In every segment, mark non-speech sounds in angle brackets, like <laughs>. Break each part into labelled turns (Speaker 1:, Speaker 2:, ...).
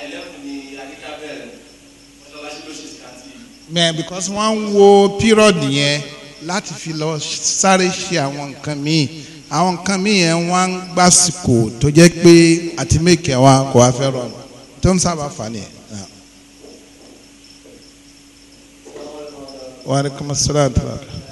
Speaker 1: alákùnrin
Speaker 2: mẹ because wọ́n ń wo period yẹn láti fi lọ sáré ṣe àwọn nǹkan míì àwọn nǹkan míì yẹn wọ́n ń gbàsìkò tó jẹ́ pé àti mèkè wa kò wá fẹ́ rọrùn tó ń sábà fà nìyẹn. وعليكم السلام ورحمة الله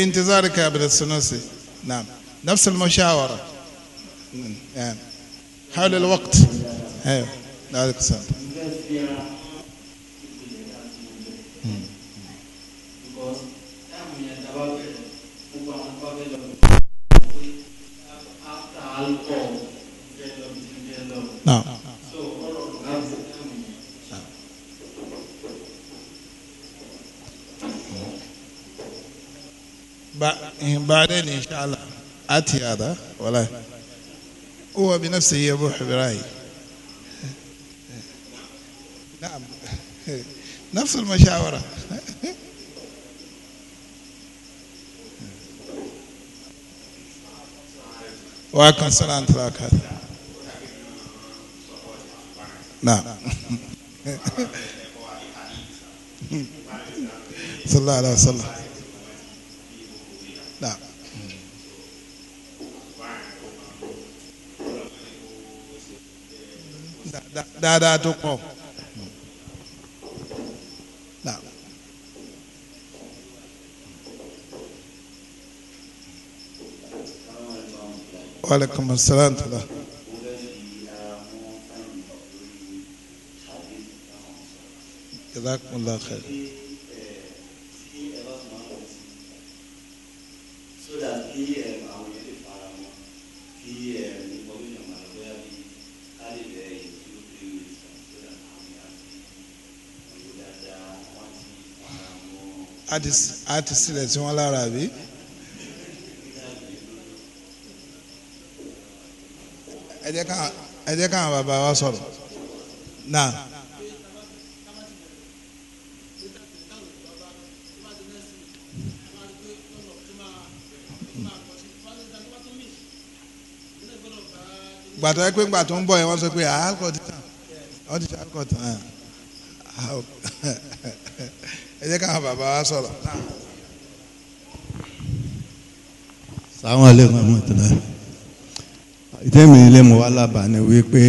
Speaker 2: في انتظارك يا ابن السنوسي نعم نفس المشاورة نعم حول الوقت أيوه عليك السلام هاتي هذا ولا هو بنفسه يبوح براي نعم نفس المشاورة وعليكم السلام ورحمة الله نعم صلى الله عليه وسلم دادا نعم. وعليكم السلام جزاكم الله خير á ti sílẹ̀ tí wọ́n lára bí. ẹ jẹ́ káwọn bàbá wa sọ̀rọ̀ náà. gbàtọ́ ẹ pé gbàtọ́ ń bọ̀ ẹ wọ́n sọ pé àálkọ̀ ah, ti tàn ọ́ ti tàn àálkọ̀ tàn án ẹ jẹ́ káwọn bàbá wa sọ̀rọ̀.
Speaker 1: sàwọn aleykum amọ̀tẹ́lá ìtẹ́mi ilé mọ̀ wá lábàá ni wípé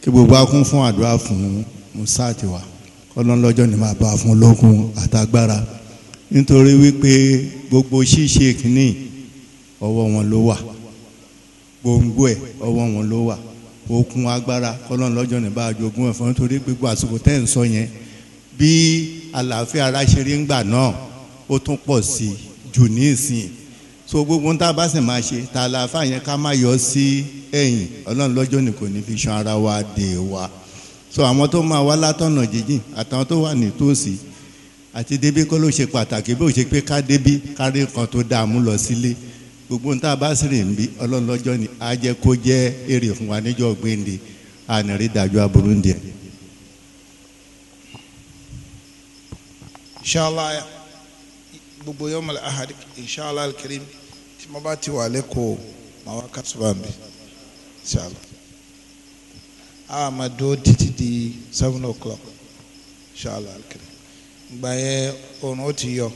Speaker 1: kí gbogbo akún fún àdúrà fún musaati wa kọ́lọ́nlọ́jọ́ ni màá bá a fún lókun àtagbára nítorí wípé gbogbo ṣíṣe kìíní ọwọ́ wọn ló wà gbòǹgbò ẹ̀ ọwọ́ wọn ló wà okun agbára kọ́lọ́nlọ́jọ́ ni bá a jogún ẹ̀ fún nítorí gbogbo àsìkò tẹ́ ń sọ yẹn bí àlàáfíà ara ṣe rí ńgbà náà ó tún pọ̀ sí jù ní ìsìn so gbogbo ń tá a bá sì máa ṣe tá a la fà yẹn ká má yọ sí ẹ̀yìn ọlọ́run lọ́jọ́ ni kò ní fi ṣan ara wa dè wa so àwọn tó máa wá látọ̀nà jíjìn àtàwọn tó wà nítòsí àti débí kọ́ ló ṣe pàtàkì bí ó ṣe pé ká débí kárí kan tó dáa mú lọ sílé gbogbo ń tá a bá sì rìn bí ọlọ́run lọ́jọ́ ni á jẹ́ kó jẹ́ èrè fún wa níjọ́ gbéǹde ànírídájú aburú ń inshallah
Speaker 2: gbogbo yọmọ ahad inshallah alkarim tí mo bá ti wà lẹ́kọ̀ọ́ màá wá kásùbà mi inshallah a máa dúró títí di seven o'clock inshallah alkarim gbà yẹ òun ó ti yọ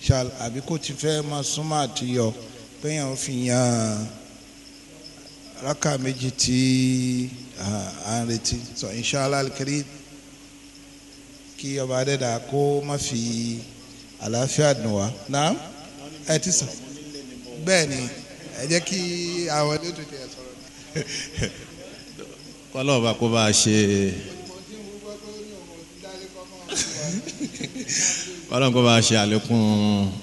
Speaker 2: inshallah àbí kò ti fẹ́ máa súnmọ́ àti yọ péyàn ó fi yan rákà méjì tí à ń retí so inshallah al alkarim kí ọba adẹ́dà kó má fi
Speaker 1: àlàáfíà dùn wá
Speaker 2: náà ẹ ti sàn bẹ́ẹ̀ ni ẹ jẹ́ kí àwọn elétò tiẹ̀ sọ̀rọ̀.
Speaker 1: kọ́lọ́ ọba kó bá a ṣe. kọ́lọ́ kó bá a ṣe àlékún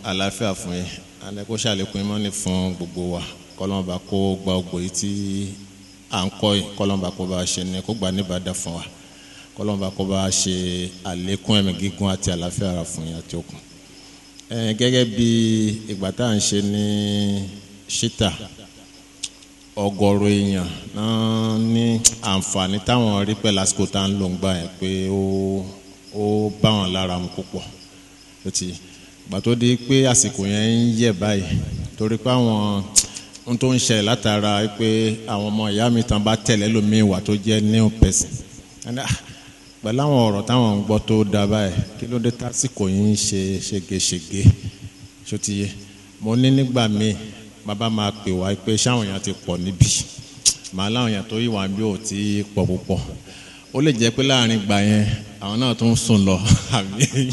Speaker 1: àlàáfíà fún yín àlékún ṣàlékún ìmọ̀ni fún gbogbo wa kọ́lọ́ ọba kó gba ògbó yìí tí à ń kọ́ yìí kọ́lọ́ ọba kó bá a ṣe ni kó gbà níbàdàn fún wa kọlọ́mùbá kọ́ bá ṣe àlékún ẹ̀mí gígùn àti àlàáfíà ara fún yín àti okùn. gẹ́gẹ́ bí ìgbà tá à ń ṣe ní ṣítà ọ̀gọ̀rọ̀ èèyàn náà ní àǹfààní táwọn rí pẹ́ lásìkò tá à ń lò ń gbà yẹn pé ó ó bá wọn lára mu púpọ̀ ló ti ìgbà tó di pé àsìkò yẹn ń yẹ̀ báyìí torí pé àwọn ohun tó ń ṣẹlẹ̀ látara pé àwọn ọmọ ìyá mi tán bá tẹ̀lé lómi ìwà tó jẹ́ new person ah, pẹ̀lú àwọn ọ̀rọ̀ táwọn ń gbọ́ tó dábàá ẹ̀ kí ló dé tásìkò yìí ń ṣe ṣégeṣége ṣótiyé mo ní nígbà míì bàbá máa pè wá pé ṣáwọn èèyàn ti pọ̀ níbí màá láwọn èèyàn tó yí wà bí ò ti pọ̀ púpọ̀ ó lè jẹ́ pé láàrin gbà yẹn àwọn náà tó ń sùn lọ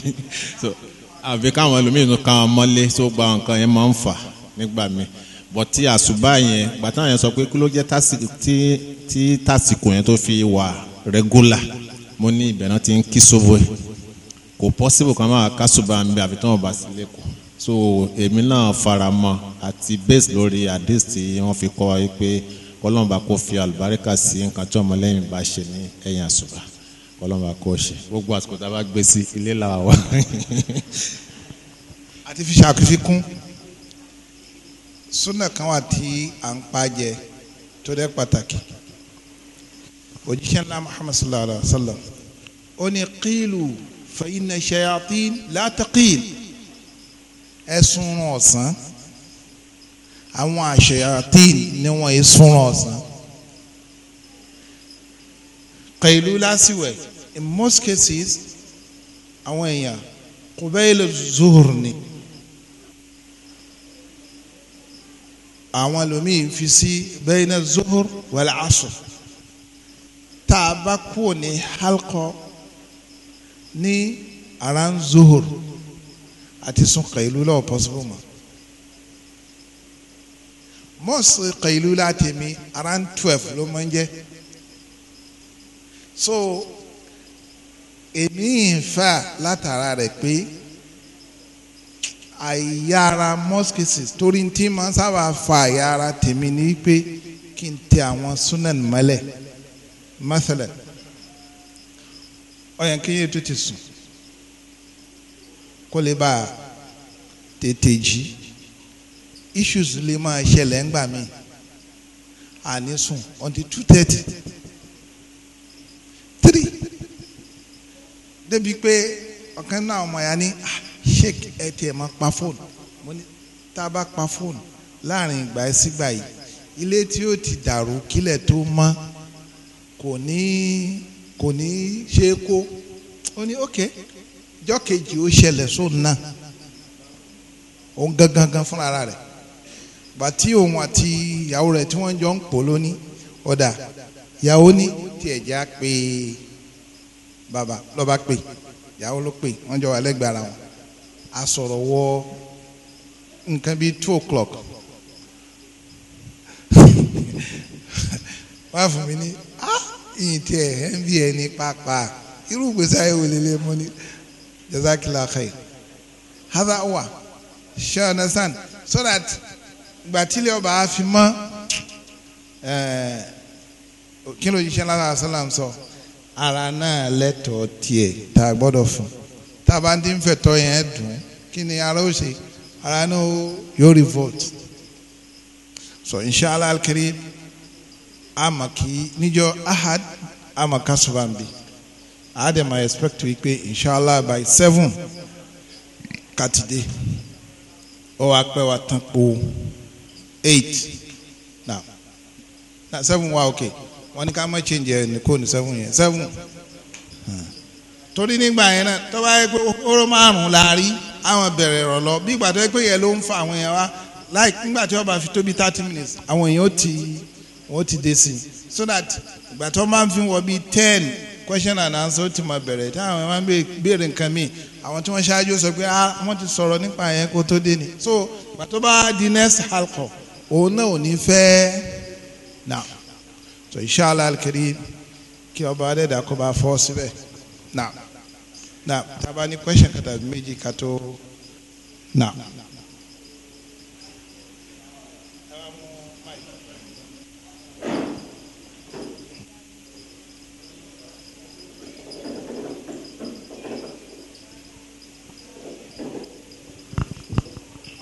Speaker 1: <laughs> àbí káwọn ẹlòmíín tó káwọn mọ́lé tó gba nǹkan yẹn máa ń fà nígbà míì bọ̀tí àṣùbà yẹn gbàtà yẹn sọ pé kí ló jẹ́ tásìkò yẹn tó fi wà rẹ́gúlà mo ní ibẹ̀ náà ti ń kí sobo ẹ̀ kò possible kan máa kásùbà ń bẹ àfi tí wọ́n bá sí lẹ́kọ̀ọ́ so èmi náà fara mọ́ àti base lórí àdéhùn tí wọ́n fi kọ́ wa pé kọ́lọ́mùbá kò fi àlùbáríkà sí nǹkan tí ọmọlẹ́yìn bá ṣe ní ẹ̀yìn àṣùbà kọ́lọ́mùbá kò ṣe gbogbo àsìkò tá a bá gbé sí ilé làwà wá.
Speaker 2: àti fi ṣàkóso súnà kan wà tí à ń pa jẹ tó dẹ́ pàtàkì òjíṣẹ́ ńlá muhammad sallallahu alayhi wa sallam ó ní kílù fẹ̀yìnà ṣayatin látàkìl ẹ̀sùn ọ̀sán àwọn àṣayatin ni wọ́n ẹ̀sùn ọ̀sán kẹ̀lú lásìwẹ̀ in most cases àwọn èèyàn kùbẹ́ẹ̀lì zuhur ni. àwọn lomiin fi sí bẹ́ẹ̀nà zuhur wàlẹ́ asùn tá a bá kúrò ní halkọ ní around zuhur àti sun kailula ò possible mọ́ mọ́ọ̀sì kailula tèmi around twelve ló máa ń jẹ́ so èmi ń fà látara rẹ̀ pé àyàrá mosques torí tí màá sábà fa àyàrá tèmi ni pé kí n tẹ àwọn sunan mọ́lẹ̀ mathalan ó yẹ kéèyàn tètè sùn kó lè bá a tètè jí issues lè máa ṣẹlẹ̀ ńgbà mí àní sùn until two thirty three débi pé ọ̀kan náà ọmọ ya ní ah, sheik ẹ tiẹ̀ e máa pa fóònù mo ní tá a bá pa fóònù láàrin ìgbà sígbà yìí ilé tí ó ti dàrú kílẹ̀ tó mọ́ kò ní kò ní ṣe kó ó ní ok jọ́ kejì ó ṣẹlẹ̀ sóun náà òun gangan gan fúnra rẹ̀ bàtí òun àti ìyàwó rẹ̀ tí wọ́n jọ ń pò lóní ọ̀dà ìyàwó ní tí ẹ̀já pé bàbá lọ́ba pè ìyàwó ló pè wọ́n jọ wà lẹ́gbẹ̀ẹ́ ara wọn a sọ̀rọ̀ wọ nǹkan bíi two o'clock <laughs> wọ́n á fún mi ní yìí tí ẹ ẹ ń bí ẹni pàápàá irú ìgbésí ayé wòlé lé mọ ni jazakillah khair haza wa ṣe ọ̀nà so that gbàtílẹ̀ ọba àfi mọ́ eh, kí ló yíṣẹ́ lára àṣàlám sọ ara náà lẹ́tọ̀ọ́ tiẹ̀ tá a gbọ́dọ̀ fún tá ń dín fẹ̀tọ́ yẹn dùn kí ni ara ó ṣe ara náà yóò revolt so inshallah al-karim ama kí níjọ́ ahad ama kasubambi adam i expect to pé inshallah by seven katide ó wá pẹ́ wá tán po eight now na seven wa okay wọ́n ní ká má change ẹ̀ ní kò ní seven yẹn seven hmm. torí nígbà yẹn náà tó bá yẹ pé oró márùn-ún la rí àwọn bẹ̀rẹ̀ rọ̀ lọ bí ìgbà tó yẹ pé yẹn ló ń fa àwọn yẹn wá láì nígbà tí wọ́n fi tóbi thirty minutes àwọn yẹn ó ti wọ́n ti dé sí so that ìgbà tó máa ń fi wọ bíi ten question and answer ti máa bẹ̀rẹ̀ tí àwọn máa ń béèrè nǹkan míì àwọn tí wọ́n ṣáájú sọ pé ah wọ́n ti sọ̀rọ̀ nípa yẹn kó tó dé ni so ìgbà tó bá di next halqa òun náà ò ní fẹ́ na so inshallah al-karim kí ọba adẹ́dà kó bá fọ́ síbẹ̀ na na tá ní question kàtàkì méjì kàtó na. na.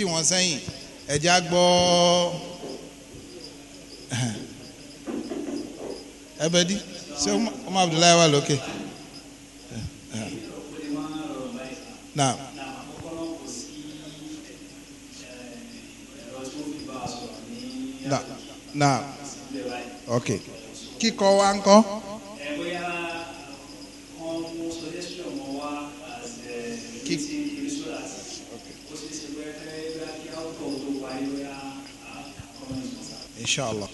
Speaker 2: tì wọ́n sẹ́yìn ẹ̀já gbọ́ ẹbẹ̀dí ṣé ọmọ Abdullahi wà lókè. Naam. Naam. Naam. Okay. Kíkọ wa ń kọ́. Okay. إن شاء الله.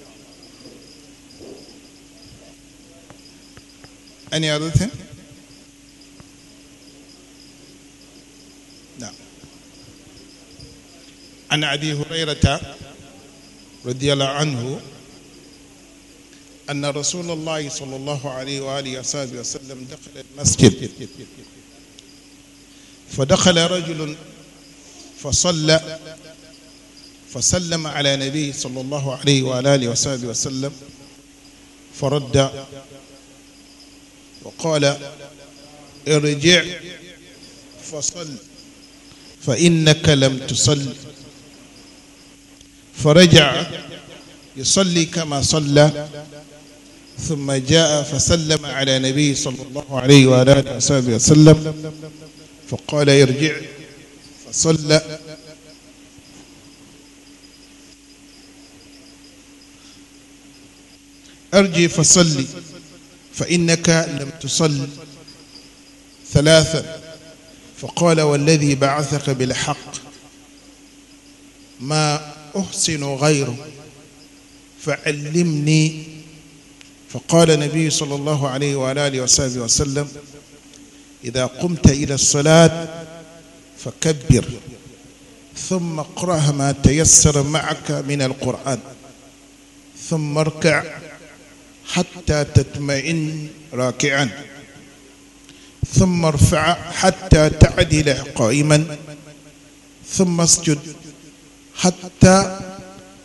Speaker 2: Any other thing? No. عن أبي هريرة رضي الله عنه أن رسول الله صلى الله عليه وآله وسلم دخل المسجد فدخل رجل فصلى فسلم على نبي صلى الله عليه وعلى آله وصحبه وسلم فرد وقال ارجع فصل فإنك لم تصل فرجع يصلي كما صلى ثم جاء فسلم على نبي صلى الله عليه وآله وصحبه وسلم فقال ارجع فصلى أرجي فصلي فإنك لم تصل ثلاثا فقال والذي بعثك بالحق ما أحسن غيره فعلمني فقال النبي صلى الله عليه وآله وصحبه وسلم إذا قمت إلى الصلاة فكبر ثم اقرأ ما تيسر معك من القرآن ثم اركع حتى تطمئن راكعا ثم ارفع حتى تعدل قائما ثم اسجد حتى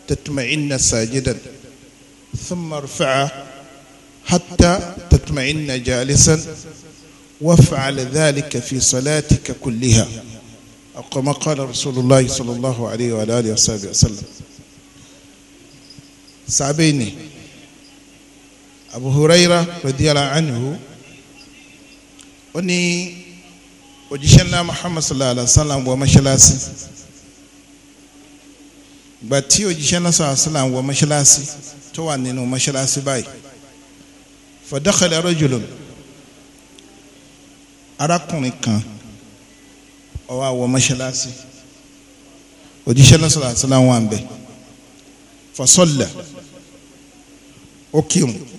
Speaker 2: تطمئن ساجدا ثم ارفع حتى تطمئن جالسا وافعل ذلك في صلاتك كلها أو كما قال رسول الله صلى الله عليه وآله وصحبه وسلم صعبيني Abu Huraira radiyallahu anhu ó ní òjíṣẹ́ ńlá Muhammad sallallahu alaihi wa sallam wọ mọ́ṣáláṣí ìgbà tí òjíṣẹ́ ńlá sallallahu alaihi wa sallam wọ mọ́ṣáláṣí tó wà nínú mọ́ṣáláṣí báyìí fadakhala rajulun arákùnrin kan ó wá wọ mọ́ṣáláṣí òjíṣẹ́ ńlá sallallahu alaihi wa sallam fasalla ó kírun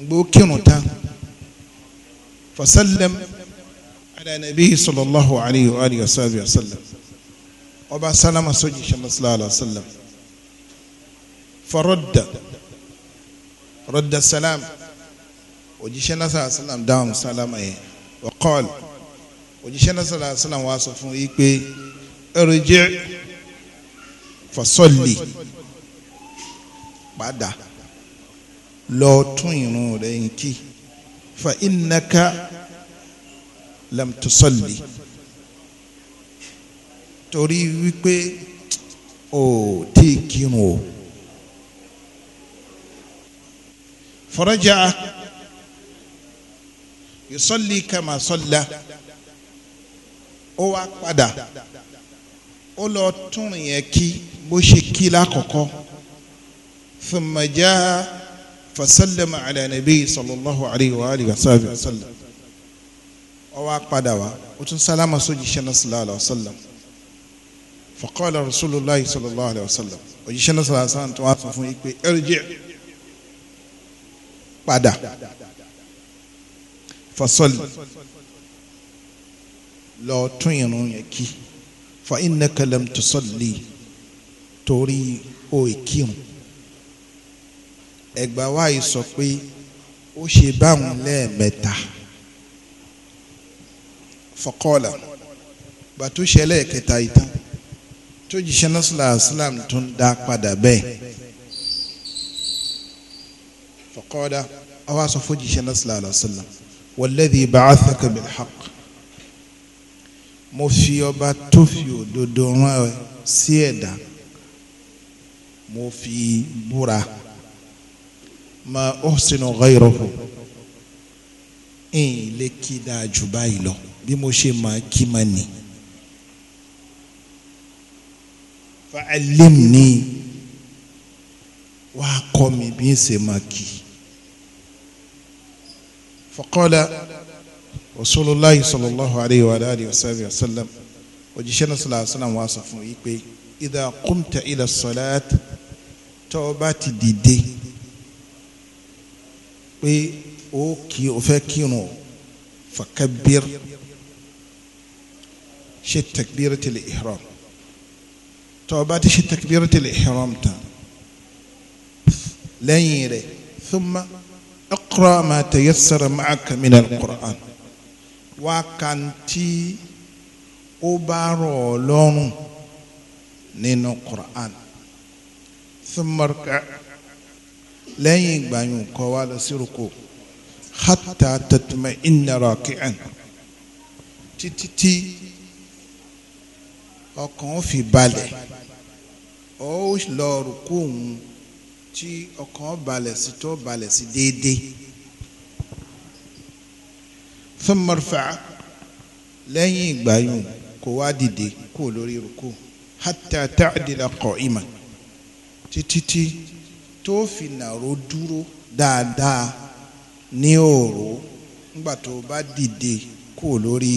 Speaker 2: gbó kírun tán fasalem adanabi sallallahu alayhi wa alihi wa sallam ọba salama soji sallallahu alayhi wa sallam farodda rodda salam òjíṣẹ́ nasara salam dáhùn salama yẹn wa qal òjíṣẹ́ nasara salam wa sọ fún yìí pé irji fasalli lọ tún irun rẹ̀ ń kí fa innaka lam tusalli torí wípé o tí kírun o faraja yusalli kama salla ó wá padà ó lọ túnrìn yẹn kí bó ṣe kí lákọ̀ọ́kọ́ thumma jaa fasalem ala nabi sallallahu alayhi wa alihi wa sallam ó wá padà wá ó tún sálámà sójì sẹ́nà sallallahu alayhi wa sallam faqala rasulillah sallallahu alayhi wa sallam òjì sẹ́nà sallallahu alayhi wa sallam tó wá sọ fún yìí pé ẹrìjẹ́ padà irun yẹn kí fa innaka lam tusalli torí o ì ẹgbà wa yìí sọ pé ó ṣe báwọn lẹ́ẹ̀mẹ́ta fọkọ́ọ̀là gbà tó ṣẹlẹ̀ kẹta yìí tán tó jíṣẹ́ náà sílá sílám tó ń dá padà bẹ́ẹ̀ fọkọ́ọ̀dà àwa sọ fún jíṣẹ́ náà sílá sílám walladhi ba'athaka bil mo fi ọba tó fi òdodo rán ẹ sí ẹ̀dá mo fi búra ma uhsinu ghayruhu ẹ̀yìn lè kí dáa jù báyìí lọ bí mo ṣe máa kí máa nì. fa'allimni wàá kọ́ mi bí n ṣe máa kí. faqala rasulillah sallallahu alayhi wa alayhi wa sallam òjíṣẹ́ náà sallallahu alayhi wa sọ fún yìí pé idha qumta ila salat tó o bá ti dìde pé ó kí o fẹ́ kírun fakabir ṣe takbiratul ihram tó bá ti ṣe takbiratul ihram tán lẹ́yìn rẹ̀ thumma iqra ma tayassara ma'aka minal qur'an wákàntí ó bá rọ̀ ọ́ lọ́rùn nínú qur'an thumma rẹ̀ lẹ́yìn ìgbàyùn kó wá lọ sí ruku hatta tatuma inna raki'an títí tí ọkàn ó fi balẹ̀ ó lọ ruku òun tí ọkàn balẹ̀ sí tó balẹ̀ sí déédéé fún mọ́rfà lẹ́yìn ìgbàyùn kó wá dìde kó lórí ruku hatta ta'dila qa'iman títí tí. tó fi nàró dúró dáadáa ní òòró nígbà tó bá dìde kúrò lórí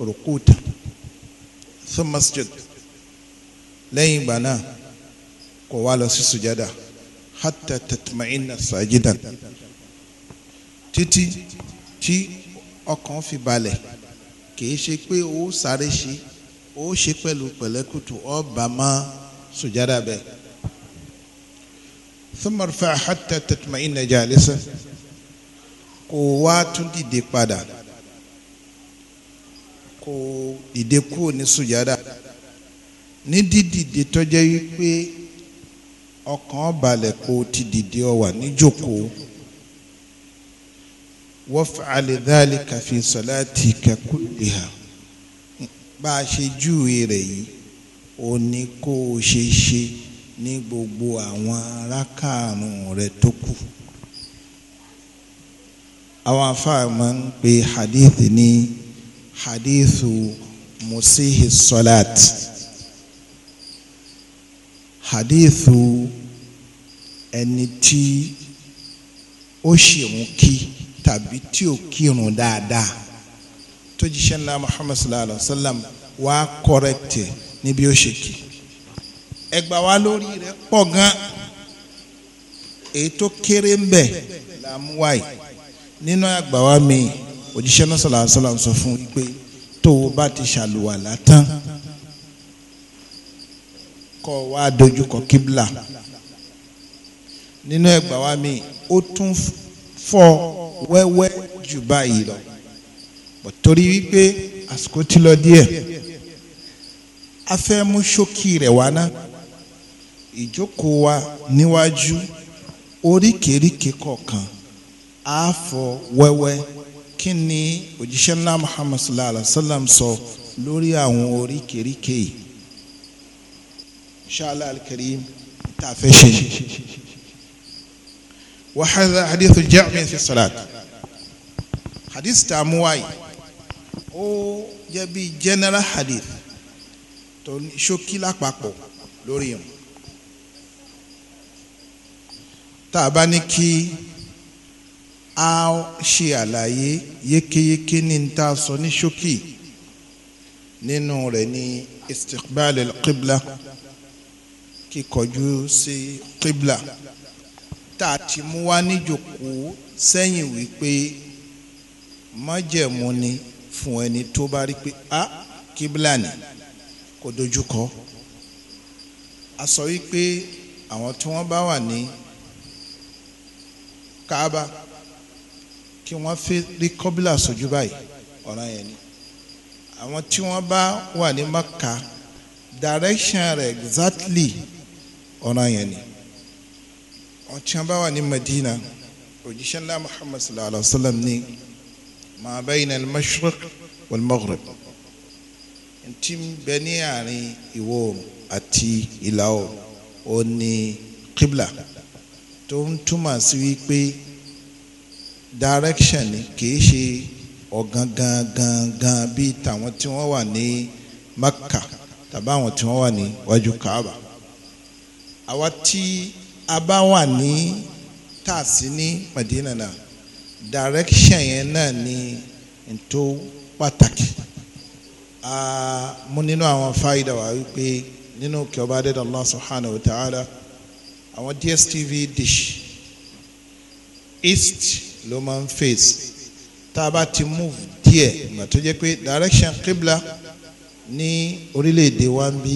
Speaker 2: òrùkúta fún masjid lẹ́yìn ìgbà náà kò wá lọ sí sùjádà hatta tatma'inna sajidan títí tí ọkàn fi balẹ̀ kìí ṣe pé ó sáré ṣe ó ṣe pẹ̀lú pẹ̀lẹ́kùtù ọba máa sùjádà bẹ́ẹ̀. thumma rfa حتى tatma'inna jalisa kó wá tún dìde padà kó dìde kúrò ní sùjádà ní dídìde tó jẹ́ wípé ọkàn balẹ̀ kó ti dìde ó wà ní jókòó waf'al dhalika fi salatika kulliha bá a ṣe júwe rẹ̀ yìí ó ní kó o ṣe ṣe ní gbogbo àwọn arákàrún rẹ̀ tó kù àwọn afáà ń pe hadith ní hadithu musihi salat hadithu ẹni tí ó ṣèrun kí tàbí tí ò kírun dáadáa tó jíṣẹ́ ńlá muhammad sallallahu alaihi wa sallam wá kọ́rẹ́tì níbi ó ṣe kí ẹgbà wa lórí rẹ̀ pọ̀ gan èyí tó kéré ń bẹ là mú wáyé nínú àgbà wa mi òjíṣẹ́ náà sọ̀rọ̀ àṣọ làwọn sọ fún un pé tó o bá ti ṣàlùwà látàn kọ́ wa dojúkọ kíbla nínú ẹgbà wa mi ó tún fọ́ wẹ́wẹ́ jù báyìí lọ torí wípé àsìkò ti lọ díẹ̀ a fẹ́ mú ṣókí rẹ̀ wá náà ìjókòó wa níwájú oríkèéríkèé kọ̀ọ̀kan á fọ wẹ́wẹ́ kí ni òjíṣẹ́ ńlá muhammad sallallahu alaihi wa sallam sọ lórí àwọn oríkèéríkèé yìí inshallah alkarim tá a fẹ́ ṣe wa hadha hadithu jami fi salat hadith tá a mú wáyé ó jẹ́ bí general hadith tó ní ṣókí lápapọ̀ lórí yẹn. tá a bá ní kí a ṣe àlàyé yékéyéké ní n ta sọ ní ṣókì nínú rẹ̀ ní istiqbal al-qibla kíkọjú sí qibla tá a ti mú wá níjòkó sẹ́yìn wípé májẹ̀mú ni fún ẹni tó bá rí pé a qibla ni kò dojúkọ a sọ wípé àwọn tí wọ́n bá wà ní kaaba kí wọ́n fi rí kọ́bílà sójú báyìí ọ̀ràn yẹn ni àwọn tí wọ́n bá wà ní maka direction rẹ̀ exactly ọ̀ràn yẹn ni àwọn tí wọ́n bá wà ní Madina òjíṣẹ́ ńlá Muhammad sallallahu alayhi wa sallam ní ma bayna al-mashriq wal-maghrib ntí bẹ ní àárín ìwọ̀ àti ìlà oòrùn ní kíblà tó ń túmọ̀ sí wípé direction ni kìí ṣe ọ̀gán gangan bíi tàwọn tí wọ́n wà ní Makka tàbí àwọn tí wọ́n wà ní wájú Kaaba àwa tí a bá wà ní tààsí ní Madina na direction yẹn náà ni n tó pàtàkì mo nínú àwọn fáyidà wà wípé nínú kí ọba adédọ̀lá subhanahu wa ta'ala àwọn DSTV dish east ló máa ń face tá a bá ti move díẹ̀ ìgbà tó jẹ́ pé direction kibla ní orílẹ̀-èdè wa ń bí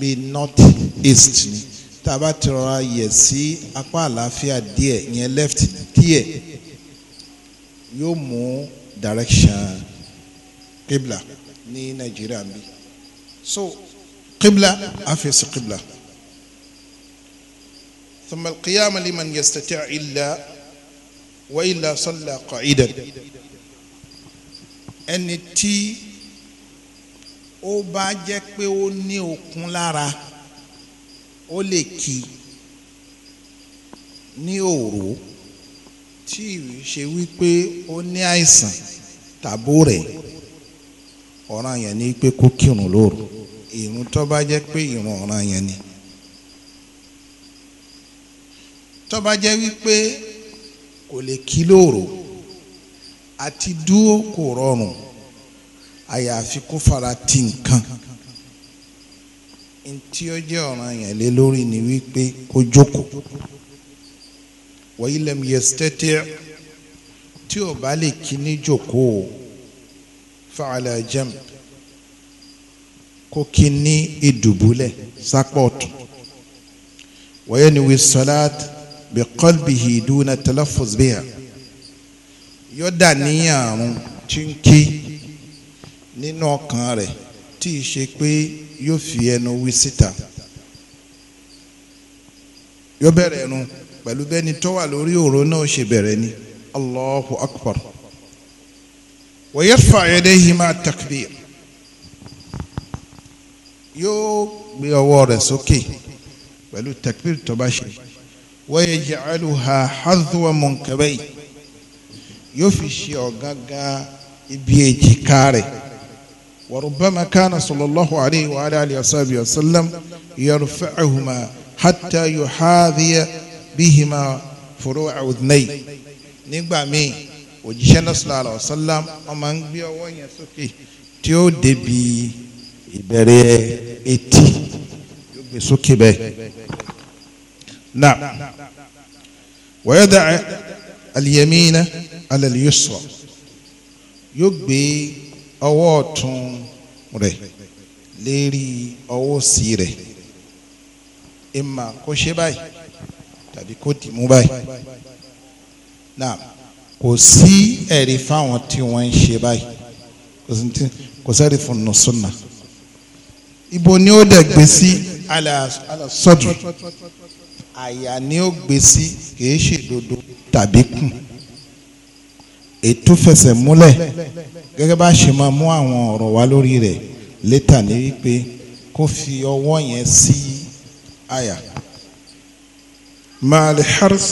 Speaker 2: bí north east ni tá a bá ti rọra yẹ̀ sí apá àlàáfíà díẹ̀ yẹn left díẹ̀ yóò mú direction kibla ní Nàìjíríà ń bí so kibla àfẹsẹ̀ kibla. kibla. ثم القيام لمن يستطيع إلا وإلا صلى قعيدا ẹni tí ó bá jẹ́ pé ó ní okun lára ó lè kí ní òru tí ṣe wípé ó ní àìsàn tàbó rẹ̀ ọ̀ranyàn ni pé kó kírun lóru ìrun tó bá jẹ́ pé ìrun ọ̀ranyàn ni. tó bá jẹ́ wípé kò lè kí lóòrò àti dúró kò rọrùn àyàfi kó fara ti nǹkan ntí ó jẹ́ ọ̀ràn yẹn lé lórí ni wípé kó jókòó wọ́n ilẹ̀ yẹ́sítẹ́tẹ́ tí ò bá lè kí ní jókòó fàlẹ́ jẹ́m kó kí ní ìdùbúlẹ̀ sápọ̀tù wọ́n yẹ́ ni wí sọ́láàtì bi qalbihi duna talaffuz biha yóò dà ní àrùn tí ń ké nínú ọkàn rẹ̀ tí ì ṣe pé yóò fi ẹnu wí síta yóò bẹ̀rẹ̀ ẹnu pẹ̀lú bẹ́ni tó wà lórí ọ̀rọ̀ náà ṣe bẹ̀rẹ̀ ni allahu akbar wa yarfa yadayhi ma takbir yóò gbé ọwọ́ rẹ̀ sókè pẹ̀lú takbir tó bá ṣe wayaj'aluha hadwa munkabai yóò fi ṣe ọ̀gángan ibi èjìká rẹ̀ wa rubbama kana sallallahu alayhi wa alihi wa sallam yarfa'uhuma hatta yuhadhiya bihima furu'a udhnay nígbà míì òjíṣẹ́ náà sallallahu alayhi wa sallam ń gbé ọwọ́ yẹn sókè tí ó débi ìbẹ̀rẹ̀ etí yóò gbé sókè bẹ́ẹ̀. نعم ويدع اليمين على اليسرى yóò gbé ọwọ́ ọ̀tún rẹ̀ lérí ọwọ́ sí rẹ̀ ìmà kó ṣe báyìí tàbí kó dì mú báyìí náà kò sí ẹ̀rí fáwọn tí wọ́n ń ṣe báyìí kò sẹ́rí fún nùsùnà ibo ni ó dẹ̀ gbé sí àlà àyà ni ó gbé sí kìí ṣe dodo tàbí kùn ètò fẹsẹ̀ múlẹ̀ gẹ́gẹ́ bá ṣe máa mú àwọn ọ̀rọ̀ wá lórí rẹ̀ létà ní wípé kó fi ọwọ́ yẹn sí àyà. maal hars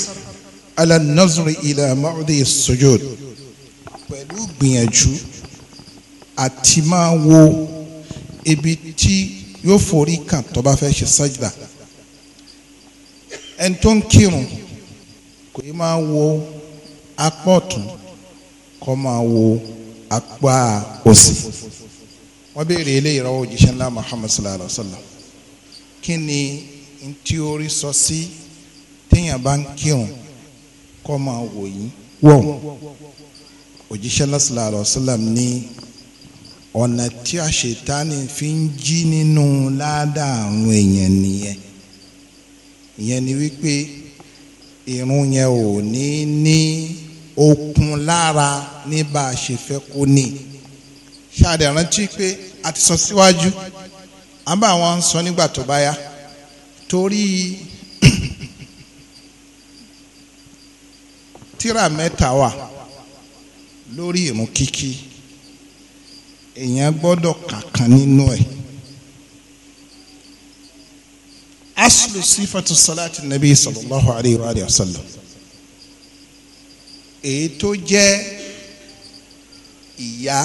Speaker 2: ala nazri ila maudi sujud pẹ̀lú gbìyànjú àti máa wo ibi tí yóò forí kàn tó bá fẹ́ ṣe sajda ẹni tó ń kírun kò yí máa wo apá ọ̀tún kó máa wo apá òsì wọ́n béèrè eléyìí rọ́wọ́ òjíṣẹ́ ńlá Muhammad sallallahu alayhi wa sallam kí ni tí ó rí sọ sí téèyàn bá ń kírun kó máa wò yín wọ̀ òjíṣẹ́ ńlá sallallahu alayhi wa sallam ní ọ̀nà tí àṣetánì fi ń jí nínú ládàá àwọn
Speaker 1: èèyàn nìyẹn
Speaker 2: ìyẹn ni wípé irun yẹn ò ní ní okun lára ní bá a ṣe fẹ́ kó ní ṣáàdì rántí pé a ti sọ síwájú à bá wọn sọ nígbà tó bá yá torí <coughs> tírà mẹ́ta wà lórí irun kíkí èèyàn gbọ́dọ̀ kàkan nínú ẹ̀. E aslu sifatu salati nabi sallallahu alayhi wa sallam èyí tó jẹ́ ìyá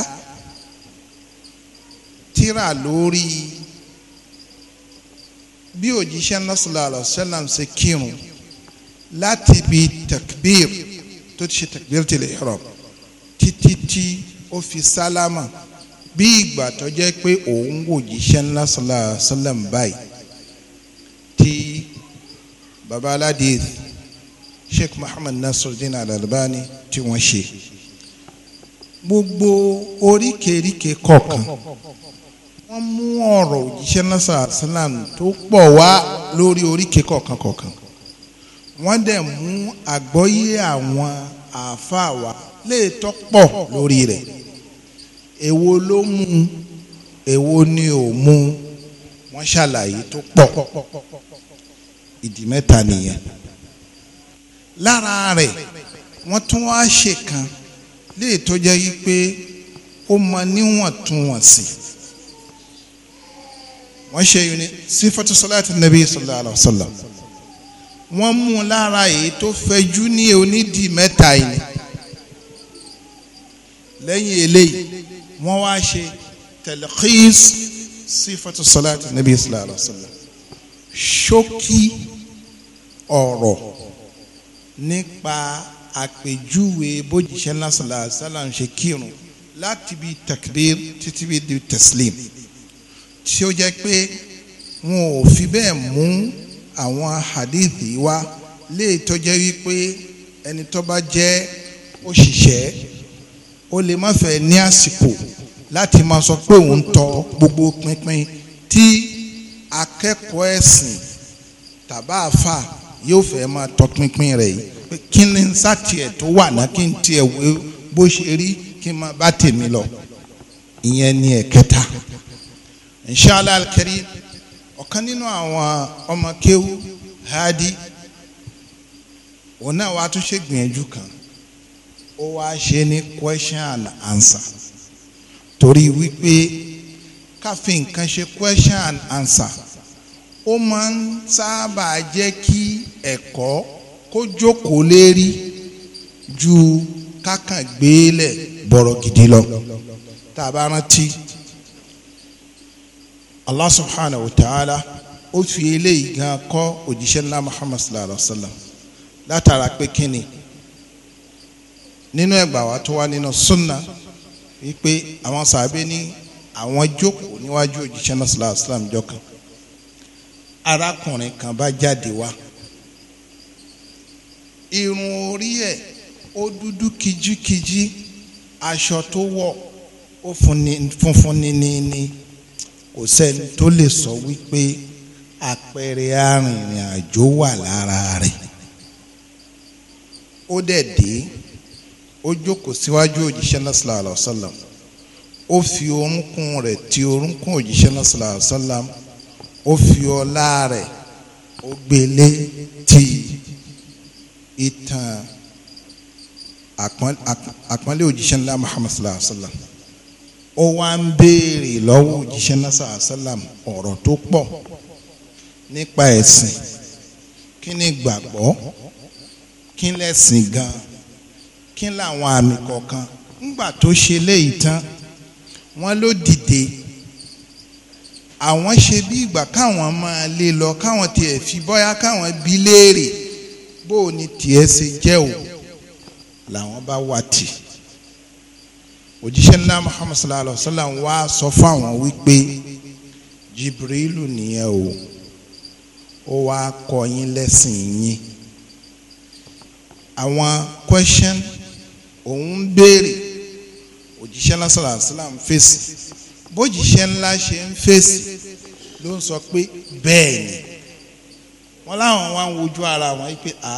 Speaker 2: tíra lórí bí òjíṣẹ́ náà sallallahu alayhi wa sallam ṣe kírun láti bi takbir tó ti ṣe takbir tilẹ̀ ihram títí tí ó fi sálámà bí ìgbà tó jẹ́ pé òun wòjíṣẹ́ náà sallallahu alayhi wa sallam báyìí baba aládìrí sheikh muhammad nasiruddin alalbani tí wọ́n ṣe gbogbo oríkèéríkè kọ̀ọ̀kan wọ́n mú ọ̀rọ̀ òjíṣẹ́ nasa asalam tó pọ̀ wá lórí oríkèé kọ̀ọ̀kan kọ̀ọ̀kan wọ́n dẹ̀ mú àgbọ́yé àwọn àáfàá wa léètọ́ pọ̀ lórí rẹ̀ èwo ló mú èwo ni ò mú wọ́n ṣàlàyé tó pọ̀ ìdí mẹ́ta nìyẹn lára rẹ̀ wọ́n tún wá ṣe kan léè tó jẹ́ wípé ó mọ níwọ̀ntúnwọ̀nsì wọ́n ṣe yìí ní sífẹ́tù sọ́láàtì nàbí sallallahu alaihi wasallam wọ́n mú un lára èyí tó fẹjú ní onídìí mẹ́ta yìí lẹ́yìn eléyìí wọ́n wá ṣe talkhis sífẹ́tù sọ́láàtì nàbí sallallahu alaihi ṣókí ọ̀rọ̀ nípa àpèjúwe bójìṣẹ́ lásàlá sálàm ṣe kírun láti bi takbir títí bi di taslim tí ó jẹ́ pé wọn ò fi bẹ́ẹ̀ mú àwọn hadithi wa léè tó jẹ́ wípé ẹni tó bá jẹ́ òṣìṣẹ́ ó lè má fẹ́ ní àsìkò láti máa sọ pé òun tọ gbogbo pinpin tí akẹ́kọ̀ọ́ ẹ̀sìn tàbá àfà yóò fẹ́ máa tọpinpin rẹ̀ yìí kí ni sátìẹ̀ tó wà náà kí n tiẹ̀ wo bó ṣe rí kí n máa bá tèmi lọ ìyẹn ni ẹ̀kẹta inshallah alkari ọ̀kan nínú àwọn ọmọ kéwú hadi òun náà wàá tún ṣe gbìyànjú kan ó wáá ṣe ní question and answer torí wípé káfí nǹkan ṣe question and answer ó máa ń sábà jẹ́ kí ẹ̀kọ́ kó jókòó lérí ju kákan gbélé bọ̀rọ̀ gidi lọ tá a bá rántí Allah subhanahu wa ta'ala ó fi eléyìí gan kọ́ òjíṣẹ́ ńlá Muhammad sallallahu alaihi wa sallam látara pé kíni nínú ẹgbà wa tó wá nínú sunna wípé àwọn sàbẹ ní àwọn jókòó níwájú òjíṣẹ́ náà sallallahu alaihi wa sallam jọkan arákùnrin kan bá jáde wá irun orí ẹ̀ ó dúdú kijíkijí aṣọ tó wọ̀ ó funfun níníní kò sẹ́ni tó lè sọ wípé àpẹẹrẹ arìnrìn àjò wà lára rẹ̀ ó dẹ̀ dé ó jókòó síwájú òjíṣẹ́ náà sallallahu alaihi ó fi orúnkún rẹ̀ ti orúnkún òjíṣẹ́ náà sallallahu alaihi ó fi ọlá rẹ̀ ó gbélé e tíì ìtàn àpọ́nlé òjíṣẹ́ ńlá muhammad sallallahu alayhi wa sallam ó wá ń béèrè lọ́wọ́ òjíṣẹ́ ńlá sallallahu alayhi wa sallam ọ̀rọ̀ tó pọ̀ nípa ẹ̀sìn kí ni gbàgbọ́ kí lẹ̀sìn gan kí làwọn àmì kọ̀ọ̀kan ńgbà tó ṣe léyìí tán wọ́n ló dìde àwọn ṣe bí ìgbà káwọn máa lè lọ káwọn tiẹ̀ fi bọ́yá káwọn bí léèrè bó o ní tiẹ̀ ṣe jẹ́ o làwọn bá wà tì òjíṣẹ́ ńlá muhammad sallallahu alayhi wa sallam wá sọ fáwọn wípé jibrilu nìyẹn o ó wá kọ́ yín lẹ́sìn yín àwọn question òun béèrè òjíṣẹ́ ńlá sallallahu alayhi wa sallam fèsì bójíṣẹ́ ńlá ṣe ń fèsì ló ń sọ pé bẹ́ẹ̀ ni wọn láwọn wá ń wojú ara wọn pé a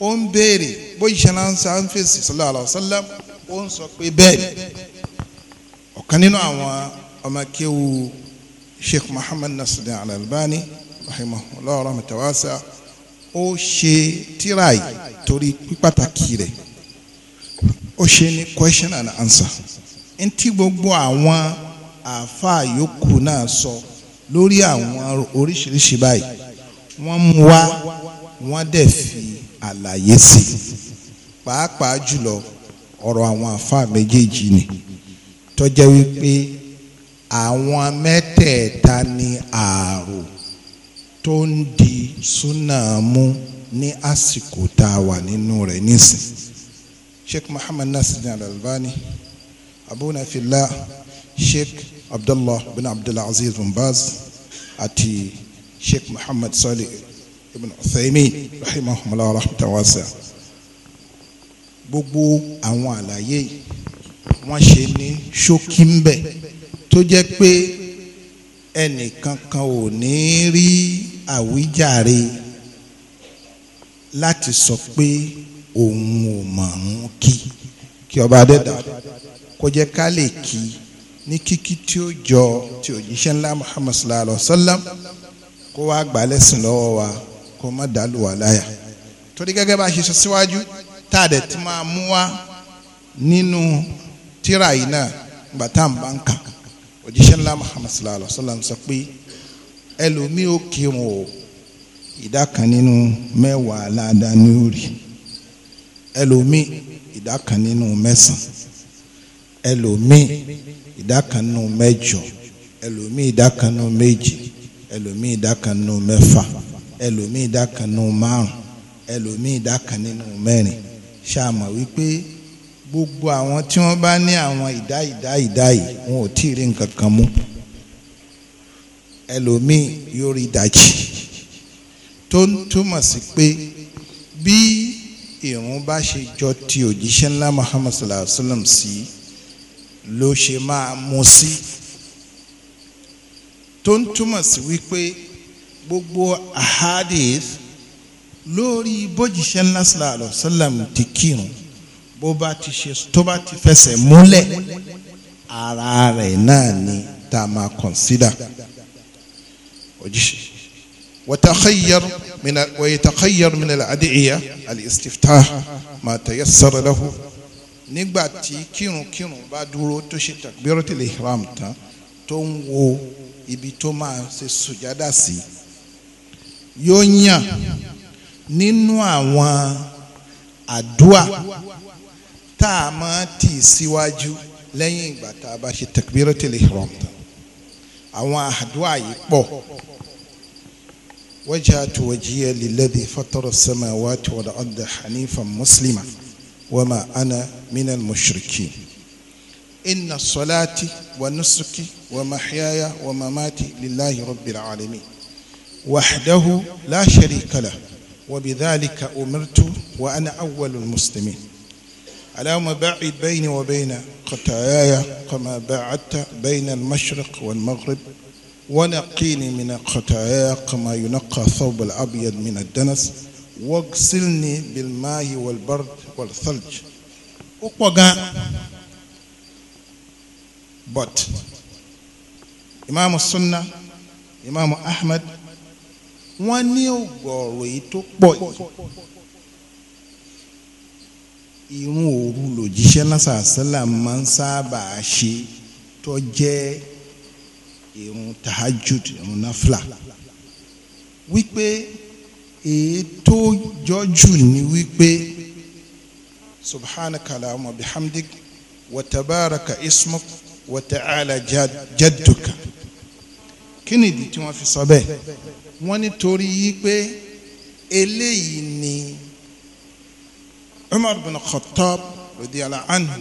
Speaker 2: ó ń béèrè bóyá iṣẹ́ náà ń sa ń fèsì sallallahu alaihi wasallam ó ń sọ pé bẹ́ẹ̀ ọ̀kan nínú àwọn ọmọ kéwu sheikh muhammad nasiruddin al-albani rahimahullah rahmatan ó ṣe tíra torí pípàtàkì rẹ̀ ó ṣe ní question and answer n tí gbogbo àwọn àáfàá yòókù náà sọ lórí àwọn oríṣiríṣi báyìí wọ́n mú wá wọ́n dẹ̀ fi àlàyé sí i pàápàá jùlọ ọ̀rọ̀ àwọn àfa méjèèjì ni tó jẹ́ wípé àwọn mẹ́tẹ̀ẹ̀ta ni ààrò tó ń di súnà mú ní àsìkò tá a wà nínú rẹ̀ nísìn sheikh muhammad nasir al-albani abunafillah sheikh abdullah bin abdulaziz bin baz àti sheikh muhammad salih ibn uthaymin rahimahumullah rahmatan wasi'a gbogbo àwọn àlàyé wọ́n ṣe ní ṣókí ń bẹ̀ tó jẹ́ pé ẹnìkankan ò ní rí àwíjàre láti sọ pé òun ò mọ̀ ń kí kí ọba adẹ́dà kó jẹ́ ká lè kí ní kíkí tí ó jọ ti òjíṣẹ́ ńlá muhammad sallallahu alaihi wa sallam kó wá gbà lẹ́sìn lọ́wọ́ wa kó má dàlù wà láyà torí gẹ́gẹ́ bá a ṣe sọ síwájú tá a dẹ̀ ti máa mú wa nínú tíra yìí náà gbà tá à ń bá ń kà òjíṣẹ́ ńlá Muhammad sallallahu alayhi wa sallam sọ pé ẹlòmíì ó kírun o ìdá kan nínú mẹ́wàá aládàá ní orí ẹlòmíì ìdá kan nínú mẹ́sàn ẹlòmíì ìdá kan nínú mẹ́jọ ẹlòmíì ìdá kan nínú méje ẹlòmíì ìdá kan nínú mẹ́fà ẹlòmíì ìdá kan nínú márùn ẹlòmíì ìdá kan nínú mẹ́rin ṣàmọ̀ wípé gbogbo àwọn tí wọ́n bá ní àwọn ìdá ìdá ìdá yìí wọn ò tí ì rí nǹkan kan mú ẹlòmíì yóò rí ìdajì tó ń túmọ̀ sí pé bí ìrun bá ṣe jọ ti òjíṣẹ́ ńlá Muhammad sallallahu alaihi wa sallam sí ló ṣe máa mú sí. Si tó ń túmọ̀ sí wípé gbogbo ahadith lórí bójìṣẹ́ ńlá sàlọ̀ sàlám ti kírun bó bá ti ṣe tó bá ti fẹsẹ̀ múlẹ̀ ara rẹ̀ náà ni tá a máa consider ojúṣe وتخير من ويتخير من الأدعية الاستفتاح ما تيسر له nígbà كينو كينو kírun bá dúró tó ṣe takbiratul tó ń wo ibi tó máa ṣe sùjádà sí yóò yàn nínú àwọn àdúà tá a máa tì síwájú lẹ́yìn ìgbà tá a bá ṣe takbiratul ihram àwọn àdúà yìí pọ̀ wajjahtu wajhiya lilladhi fatara as-samawati wal-arda hanifan muslima wa ma ana minal mushrikin. إن الصلاة ونسك ومحياي ومماتي لله رب العالمين وحده لا شريك له وبذلك أمرت وأنا أول المسلمين اللهم بعد بيني وبين خطاياي كما باعدت بين المشرق والمغرب ونقيني من خطاياي كما ينقى ثوب الأبيض من الدنس واغسلني بالماء والبرد والثلج وقوغا but imaamu sunna imaamu ahmed wọ́n ní ọ̀gọ̀ọ̀rọ̀ yìí tó pọ̀ yìí irun òru lòjíṣẹ́ lásàásílà máa ń sábà ṣe tó jẹ́ irun tahajud irun nafla wípé èyí jọjú ni wípé subhanaka allahumma bihamdik wa tabaraka ismuk wa ta'ala jadduka kí ni ìdí tí wọ́n fi sọ bẹ́ẹ̀ wọ́n nítorí yí pé eléyìí ni Umar bin Khattab radiyallahu anhu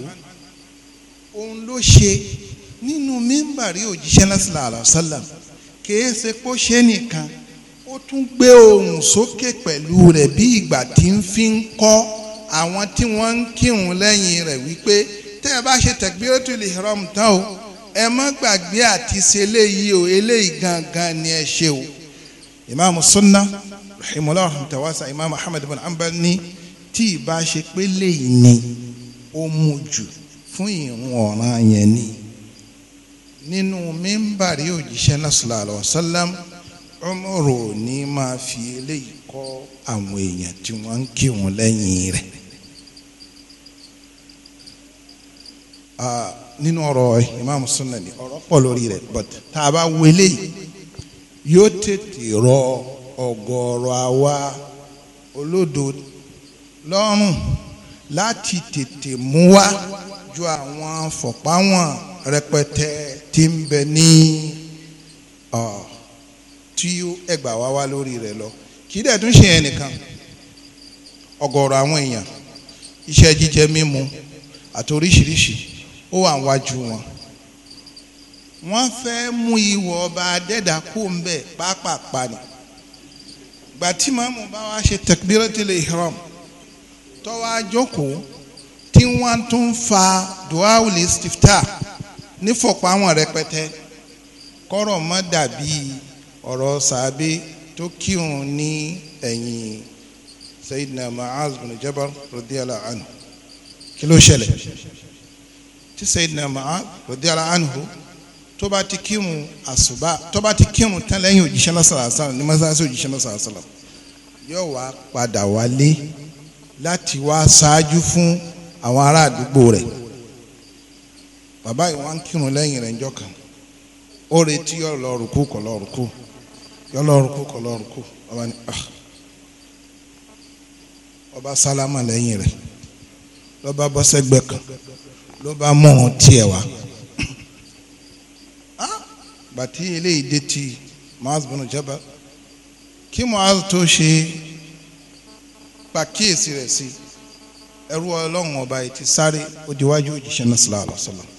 Speaker 2: òun ló ṣe nínú mímbàrí òjíṣẹ́ lásìlá àlọ́sálà kìí ṣe pé ó ṣe nìkan ó tún gbé ohùn sókè pẹ̀lú rẹ̀ bí ìgbà tí ń fi ń kọ́ àwọn tí wọ́n ń kírun lẹ́yìn rẹ̀ wípé tẹ́ ẹ bá ṣe takbiratul ihram tán o ẹ má gbàgbé àti ṣe eléyìí o eléyìí gangan ni ẹ ṣe o imaamu sunna rahimahullah tawasa imaamu ahmed bin hanbal ni tí ìbá ṣe pé léyìí ni ó mú jù fún ìrun ọ̀ràn yẹn ni nínú mímbàrí òjíṣẹ́ náà sallallahu alaihi wasallam Umaru ní máa fi eléyìí kọ́ àwọn èèyàn tí wọ́n ń kírun lẹ́yìn rẹ̀. Ah, nínú ọ̀rọ̀ Imam sunna ni ọ̀rọ̀ pọ̀ lórí rẹ̀ but tá a bá wele yóò tètè rọ ọ̀gọ̀ọ̀rọ̀ àwa olódo lọ́rùn láti tètè mú wá ju àwọn fọ̀páwọn rẹpẹtẹ tí ń bẹ ní ah, tí ẹgbà wá wá lórí rẹ̀ lọ kì í dẹ̀ tún ṣe yẹn nìkan ọ̀gọ̀ọ̀rọ̀ àwọn èèyàn iṣẹ́ jíjẹ mímu àti oríṣiríṣi ó wà wájú wọn wọ́n fẹ́ mú ìwọ ọba adẹ́dà kó ń bẹ̀ pápápá ni gbàtí màmú bá wá ṣe takbiratul ihram tó wá jókòó tí wọ́n tún fa duawul istiftah nífọ̀pọ̀ àwọn rẹpẹtẹ kọ́rọ̀ mọ́ dàbí ọ̀rọ̀ sàbẹ tó kírun ní ẹ̀yìn Sayyidina Mu'az bin Jabal radiyallahu anhu kí ló ṣẹlẹ̀ tí Sayyidina Mu'adh radiyallahu anhu tó bá ti kírun àsùbá tó bá ti kírun tán lẹ́yìn òjíṣẹ́ náà sàlá sàlá ní mọ́sáàsì òjíṣẹ́ náà sàlá sàlá yóò wá padà wálé láti wá ṣáájú fún àwọn ará àdúgbò rẹ̀ bàbá yìí wọ́n kírun lẹ́yìn rẹ̀ njọ́ kan ó retí yọ lọ rùkú kọ lọ rùkú yọ lọ rùkú kọ lọ rùkú ọba ni ọba ah. sálámà lẹ́yìn rẹ̀ lọ́ba bọ́ kan ló bá mọ̀ràn tiẹ̀ wá bàtí eléyìí dé ti Mu'adh bin Jabal kí Mu'adh tó ṣe pàkíyèsí rẹ̀ sí ẹrú ọlọ́run ọba yìí ti sáré òdiwájú òjíṣẹ́ náà sallallahu alaihi wasallam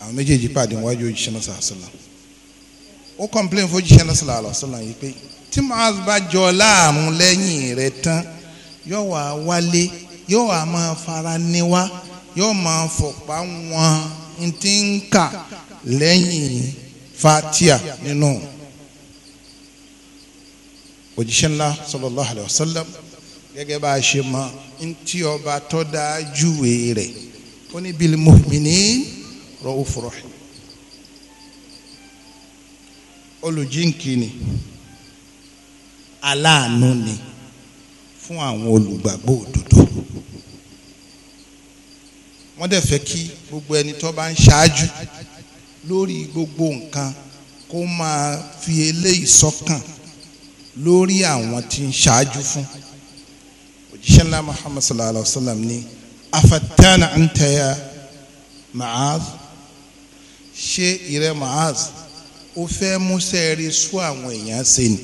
Speaker 2: àwọn méjèèjì pàdé níwájú òjíṣẹ́ náà sallallahu alaihi wasallam ó kọ́ńplẹ́ǹ fòjíṣẹ́ náà sallallahu alaihi yìí pé tí Mu'adh bá jọ láàrún lẹ́yìn rẹ̀ tán yóò wá wálé yóò wá máa fara níwá yóò máa fọ̀pá wọn n ti ń kà lẹ́yìn fatia nínú òjíṣẹ́ ńlá sallallahu alayhi wa sallam gẹ́gẹ́ bá a ṣe mọ n tí ọba tó dáa júwe rẹ̀ ó ní bil mu'minin ra'ufur rahim olùjíǹkì ni aláàánú ni fún àwọn olùgbàgbọ́ òdodo wọ́n dẹ̀ fẹ́ kí gbogbo ẹni tó bá ń ṣáájú lórí gbogbo nǹkan kó máa fi eléyìí sọ́kàn lórí àwọn tí ń ṣáájú fún òjíṣẹ́ ńlá muhammad sallallahu alayhi wa sallam ní afatana antaya maaz ṣé ìrẹ maaz ó fẹ́ mú sẹ́ẹ̀rí sún àwọn èèyàn ṣe ni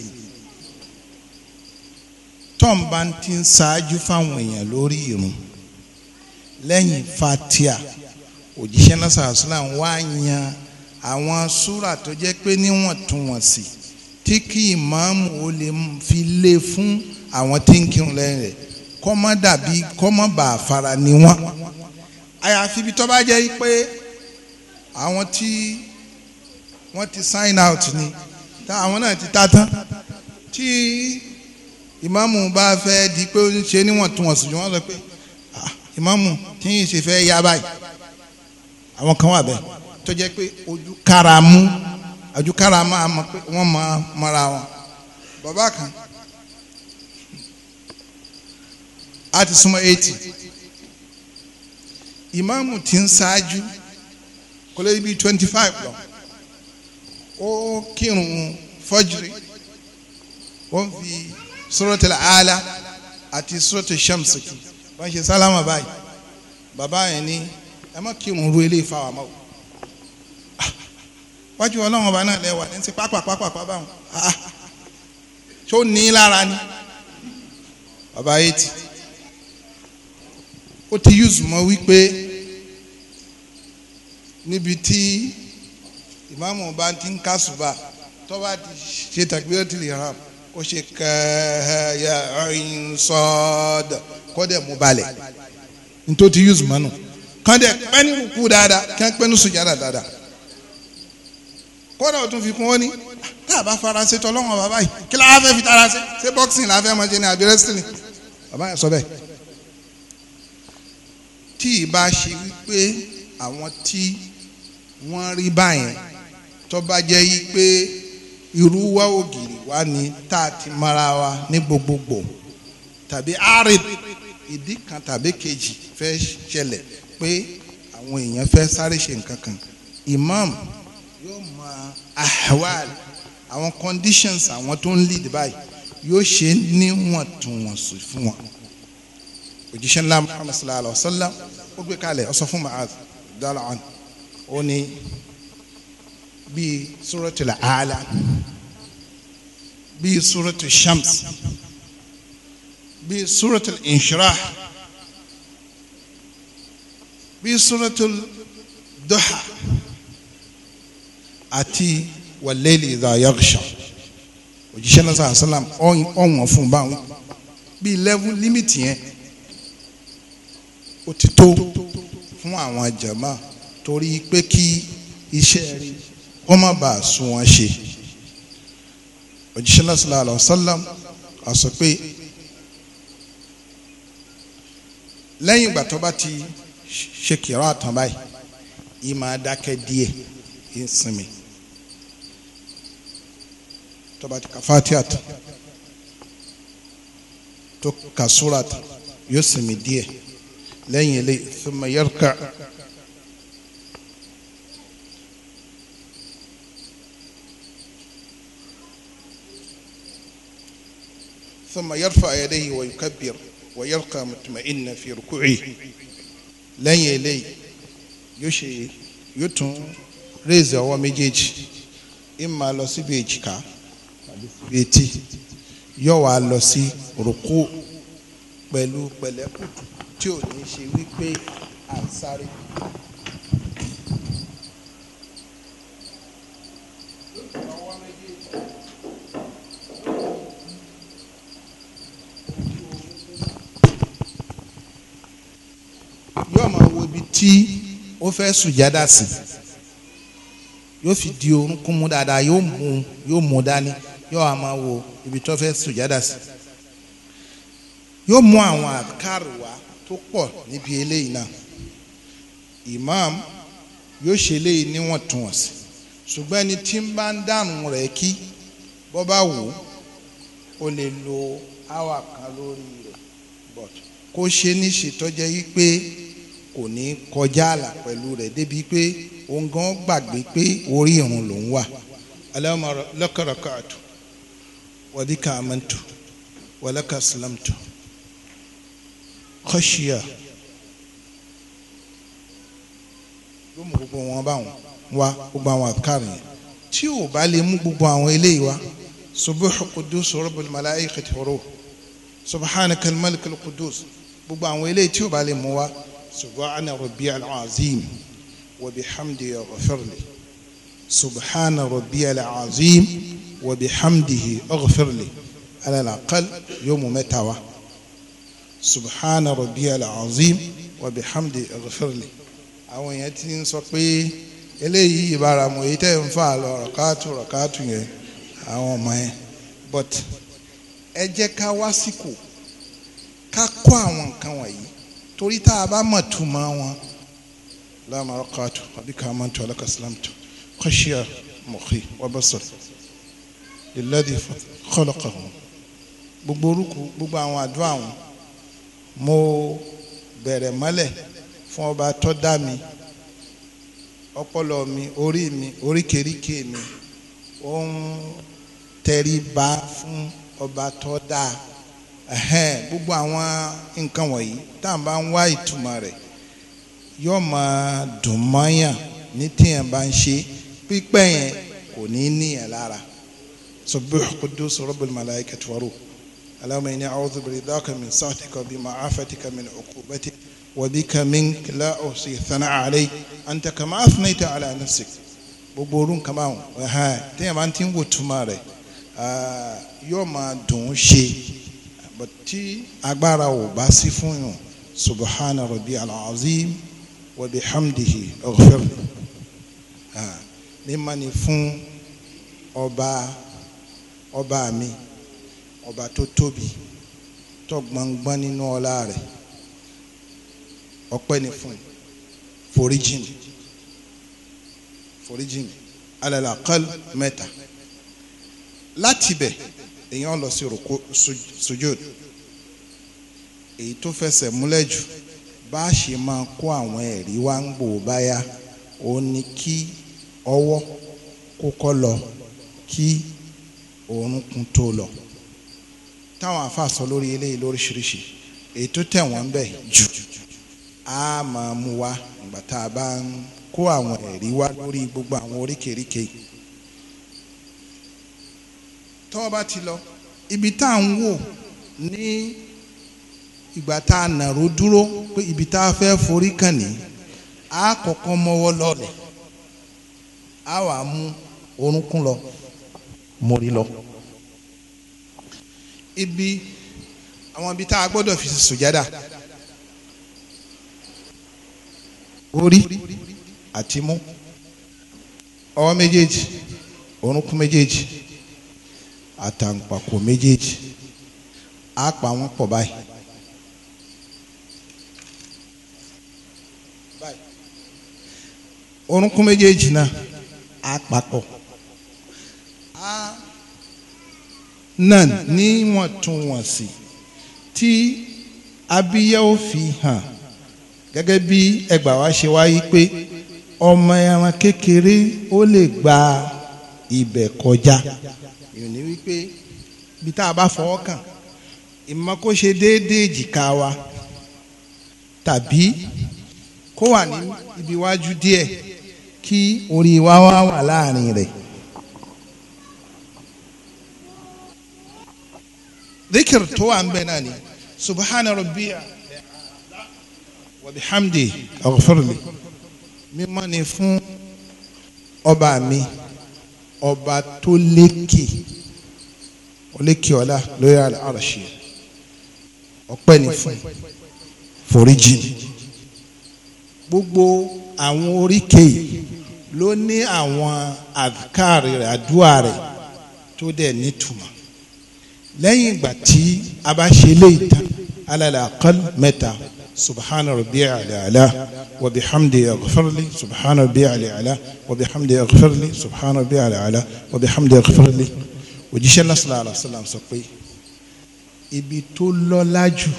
Speaker 2: tọ́ǹba ti ń ṣáájú fáwọn èèyàn lórí ìrun lẹ́yìn fatia òjíṣẹ́ náà sàásùlà ń wá yan àwọn súrà tó jẹ́ pé níwọ̀ntúnwọ̀nsì tí kí ìmáàmù ó lè fi lé fún àwọn tí ń kírun lẹ́yìn rẹ̀ kọ́ dàbí kọ́ mọ́ bà fara ni wọ́n. àyàfi ibi tó bá jẹ́ pé àwọn tí wọ́n ti sign out ni àwọn náà ti ta tán tí ìmáàmù bá fẹ́ di pé ó ń ṣe níwọ̀ntúnwọ̀nsì ni wọ́n sọ pé ìmáàmù tí yìí ṣe fẹ́ yá báyìí àwọn kan wà bẹ́ẹ̀ tó jẹ́ pé ojú kára mú ojú kára máa mọ pé wọ́n máa mọ́ra wọn bàbá kan á ti súnmọ́ eighty ìmáàmù tí ń ṣáájú kò lè bí twenty five lọ ó kírun fọ́jìrì wọ́n fi suratul ala àti suratul shamsi kì wọ́n ṣe sálámà báyìí bàbá yẹn ní ẹ má kírun ru eléyìí fa wàá mọ́ o wájú ọlọ́run ọba náà lẹ́wà ní ti pápá pápá pápá tó ní lára ni bàbá eighty ó ti yúzù mọ́ wípé níbi tí ìmáàmù ọba ti ń kásùbà tọ́ba ti ṣe tàbí ó ti lè hàn kó ṣe kẹ́ẹ́ yẹ ọ̀yìn sọ́ọ̀dọ̀ kọ́dẹ̀ mú balẹ̀ nítorí ti use mọ́nù kọ́dẹ̀ pẹ́ni kúkú dáadáa kí wọ́n pẹ́ni sùjádà dáadáa kọ́dà ó tún fi kún ó ní tá a bá faransé bàbá yìí kí la fẹ́ fi tara ṣe ṣé boxing la fẹ́ mọ ṣe ni àbí wrestling bàbá yẹn sọ bẹ́ẹ̀ tí ì bá ṣe wípé àwọn tí wọ́n rí báyẹn tó bá jẹ́ yí pé irú wa ògiri wa ni tá a ti mara wa ní gbogbogbò tàbí arid ìdí kan tàbí kejì fẹ́ ṣẹlẹ̀ pé àwọn èèyàn fẹ́ sáré ṣe nǹkan kan imam yóò mọ ahwal àwọn conditions àwọn tó ń lead báyìí yóò ṣe níwọ̀ntúnwọ̀nsì fún wọn òjíṣẹ́ ńlá muhammad sallallahu alayhi wa sallam ó gbé kalẹ̀ ó sọ fún ma'ad dalawan ó ní bíi suratul aala bíi suratul shams bíi suratul inshirah bíi suratul duha àti wàlẹ́lì ìdáyàgṣà òjíṣẹ́ náà sàn sálàm ọ̀wọ̀n fún báwọn bíi level limit yẹn ó ti tó fún àwọn jàmá torí pé kí iṣẹ́ rí kó má bàa wọn ṣe òjíṣẹ́ náà sàlàm àṣọ pé lẹ́yìn ìgbà tó bá ti ṣe kìrọ̀ àtàn báyìí yìí máa dákẹ́ díẹ̀ yìí ń sinmi tó bá ti ka Fatiha tán tó ka sura tán yóò sinmi díẹ̀ lẹ́yìn ilé
Speaker 1: thumma yarka
Speaker 2: thumma yarfa yadayhi wa yukabbir wa yabqa mutma'inna fi ruku'i lẹ́yìn eléyìí yóò ṣe yóò tún raise ọwọ́ méjèèjì ìmà lọ síbi èjìká tàbí síbi etí yóò wá lọ sí rúkú pẹ̀lú pẹ̀lẹ́kùtù tí ò ní ṣe wípé à ń sáré. Thank you. yóò máa wo ibi tí ó fẹ́ sùjádà sí yóò fi di orúnkún mú dáadáa yóò mú yóò mú dání yóò máa wo ibi tó fẹ́ sùjádà sí yóò mú àwọn àkàrò wá tó pọ̀ níbi eléyìí náà imam yóò ṣe eléyìí níwọ̀ntúnwọ̀nsì ṣùgbọ́n ẹni tí ń bá ń dànù rẹ̀ kí bọ́ bá wò ó o lè lo hour kan lórí rẹ̀ but kó ṣe níṣe tó jẹ́ wípé kò ní kọjá àlà pẹ̀lú rẹ̀ débi pé òun gan gbàgbé pé orí ìrun lòún wà. aláwọ̀ lọ́kọ̀rọ̀kọ̀ àtò wàdíkà àmọ́ntò wàlákà sílámtò kọ́ṣíà yóò mú gbogbo wọn bá wọn wá gbogbo àwọn àkàrà yẹn tí ò bá lè mú gbogbo àwọn eléyìí wá subuhu kudus rabbul malaikati horo subhanakal malikal kudus gbogbo àwọn eléyìí tí ò bá lè mú wá. سبحان ربي العظيم وبحمده bihamdihi لي سبحان ربي العظيم وبحمده bihamdihi لي ala laqal yóò mú mẹ́ta wá subhana rabbiyal azim wa bihamdihi aghfirli àwọn èèyàn ti ń sọ pé eléyìí ìbáramu èyí tẹ́ ń fà lọ rọ̀kátù rọ̀kátù yẹn àwọn ọmọ yẹn but ẹ jẹ́ ká wá síkò ká kọ́ àwọn nǹkan wọ̀nyí torí tá a bá mọ̀ túmọ̀ wọn láàmú ọkọ̀tù àbíkà àmọ́ntù alákàsílámtù kọ́ṣíà mọ̀kì wọ́bẹ̀sọ̀ ìlẹ́dì kọ́lọ́kọ̀ wọn gbogbo orúkú gbogbo àwọn àdúrà wọn mo bẹ̀rẹ̀ mọ́lẹ̀ fún ọba tó dá mi ọpọlọ mi orí mi oríkèéríkèé mi ó ń tẹríba fún ọba tó dáa gbogbo àwọn nǹkan wọ̀nyí tá à ń bá ń wá ìtumọ̀ rẹ̀ yóò máa dùn mọ́yàn ní téèyàn bá ń ṣe pípẹ́ yẹn kò ní níyàn lára subuh qudus rabbul malaikati wa ruh allahumma inni a'udhu biridaka min sa'atika wa bi ma'afatika min uqubatika wa bika mink la uhsi thana'a alayk anta kama athnayta ala nafsik gbogbo orun kama wọn téèyàn bá ń ti ń wò túmọ̀ rẹ̀ ah, yóò máa dùn ṣe but tí agbára ò bá sí fún yàn subhana rabbi al-azim wa bihamdihi ọ̀fẹ́rù mímọ́ ni fún ọba ọba mi ọba tó tóbi tó gbọ̀ngbọ̀n nínú ọlá rẹ̀ ọpẹ́ ni fún foríjìn foríjìn alẹ́ mẹ́ta láti bẹ̀ èèyàn lọ sí rúkú sujud èyí tó fẹsẹ̀ múlẹ̀ jù bá a ṣe máa kó àwọn ẹ̀rí wá ń gbò báyà ó ní kí ọwọ́ kókó lọ kí orúnkún tó lọ táwọn àfa sọ lórí eléyìí lóríṣiríṣi èyí tó tẹ̀ wọ́n bẹ̀ jù á máa mú wa ìgbà tá a bá ń kó àwọn ẹ̀rí wá lórí gbogbo àwọn oríkèéríkèé tó o bá ti lọ ibi tá à ń wò ní ìgbà tá a nàró dúró pé ibi tá a fẹ́ forí kàn ní a kọ́kọ́ mọ́wọ́ lọ́lẹ̀ a wà mú orúnkún lọ mórí lọ. ibi àwọn ibi tá a gbọ́dọ̀ fi sùjádà orí àti mú ọwọ́ méjèèjì orúnkún méjèèjì àtàǹpàkò méjèèjì á pa wọ́n pọ̀ báyìí. orúnkún méjèèjì náà á papọ̀ á náà níwọ̀ntúnwọ̀nsì tí abíyá ó fi hàn gẹ́gẹ́ bí ẹgbàá wa ṣe wáyé pé ọmọ ẹran kékeré ó lè gba ibẹ̀ kọjá. Ja, ja, ja èyàn ní wípé bí tá a bá fọwọ́ kàn ìmọ̀ kó ṣe déédéé jìká wa tàbí kó wà ní ibi iwájú díẹ̀ kí orí wa wá wà láàrin rẹ̀. dhikr tó wà ń bẹ náà ni subhana rabbiya wa bihamdi ọba tó lékè olékè ọlá lórí àràṣì ọpẹ́ ni fún foríjì gbogbo àwọn oríkè ló ní àwọn àdúkàrí rẹ̀ àdúrà rẹ̀ tó dẹ̀ nítumọ̀ lẹ́yìn ìgbà tí a bá ṣe léyìí tán alẹ́ àkọ́lù mẹ́ta سبحان ربي على علا وبحمدي اغفر لي سبحان ربي على علا وبحمدي اغفر لي سبحان ربي على علا وبحمدي اغفر لي òjíṣẹ́ náà sallallahu alaihi wasallam sọ pé ibi tó lọ́lá jù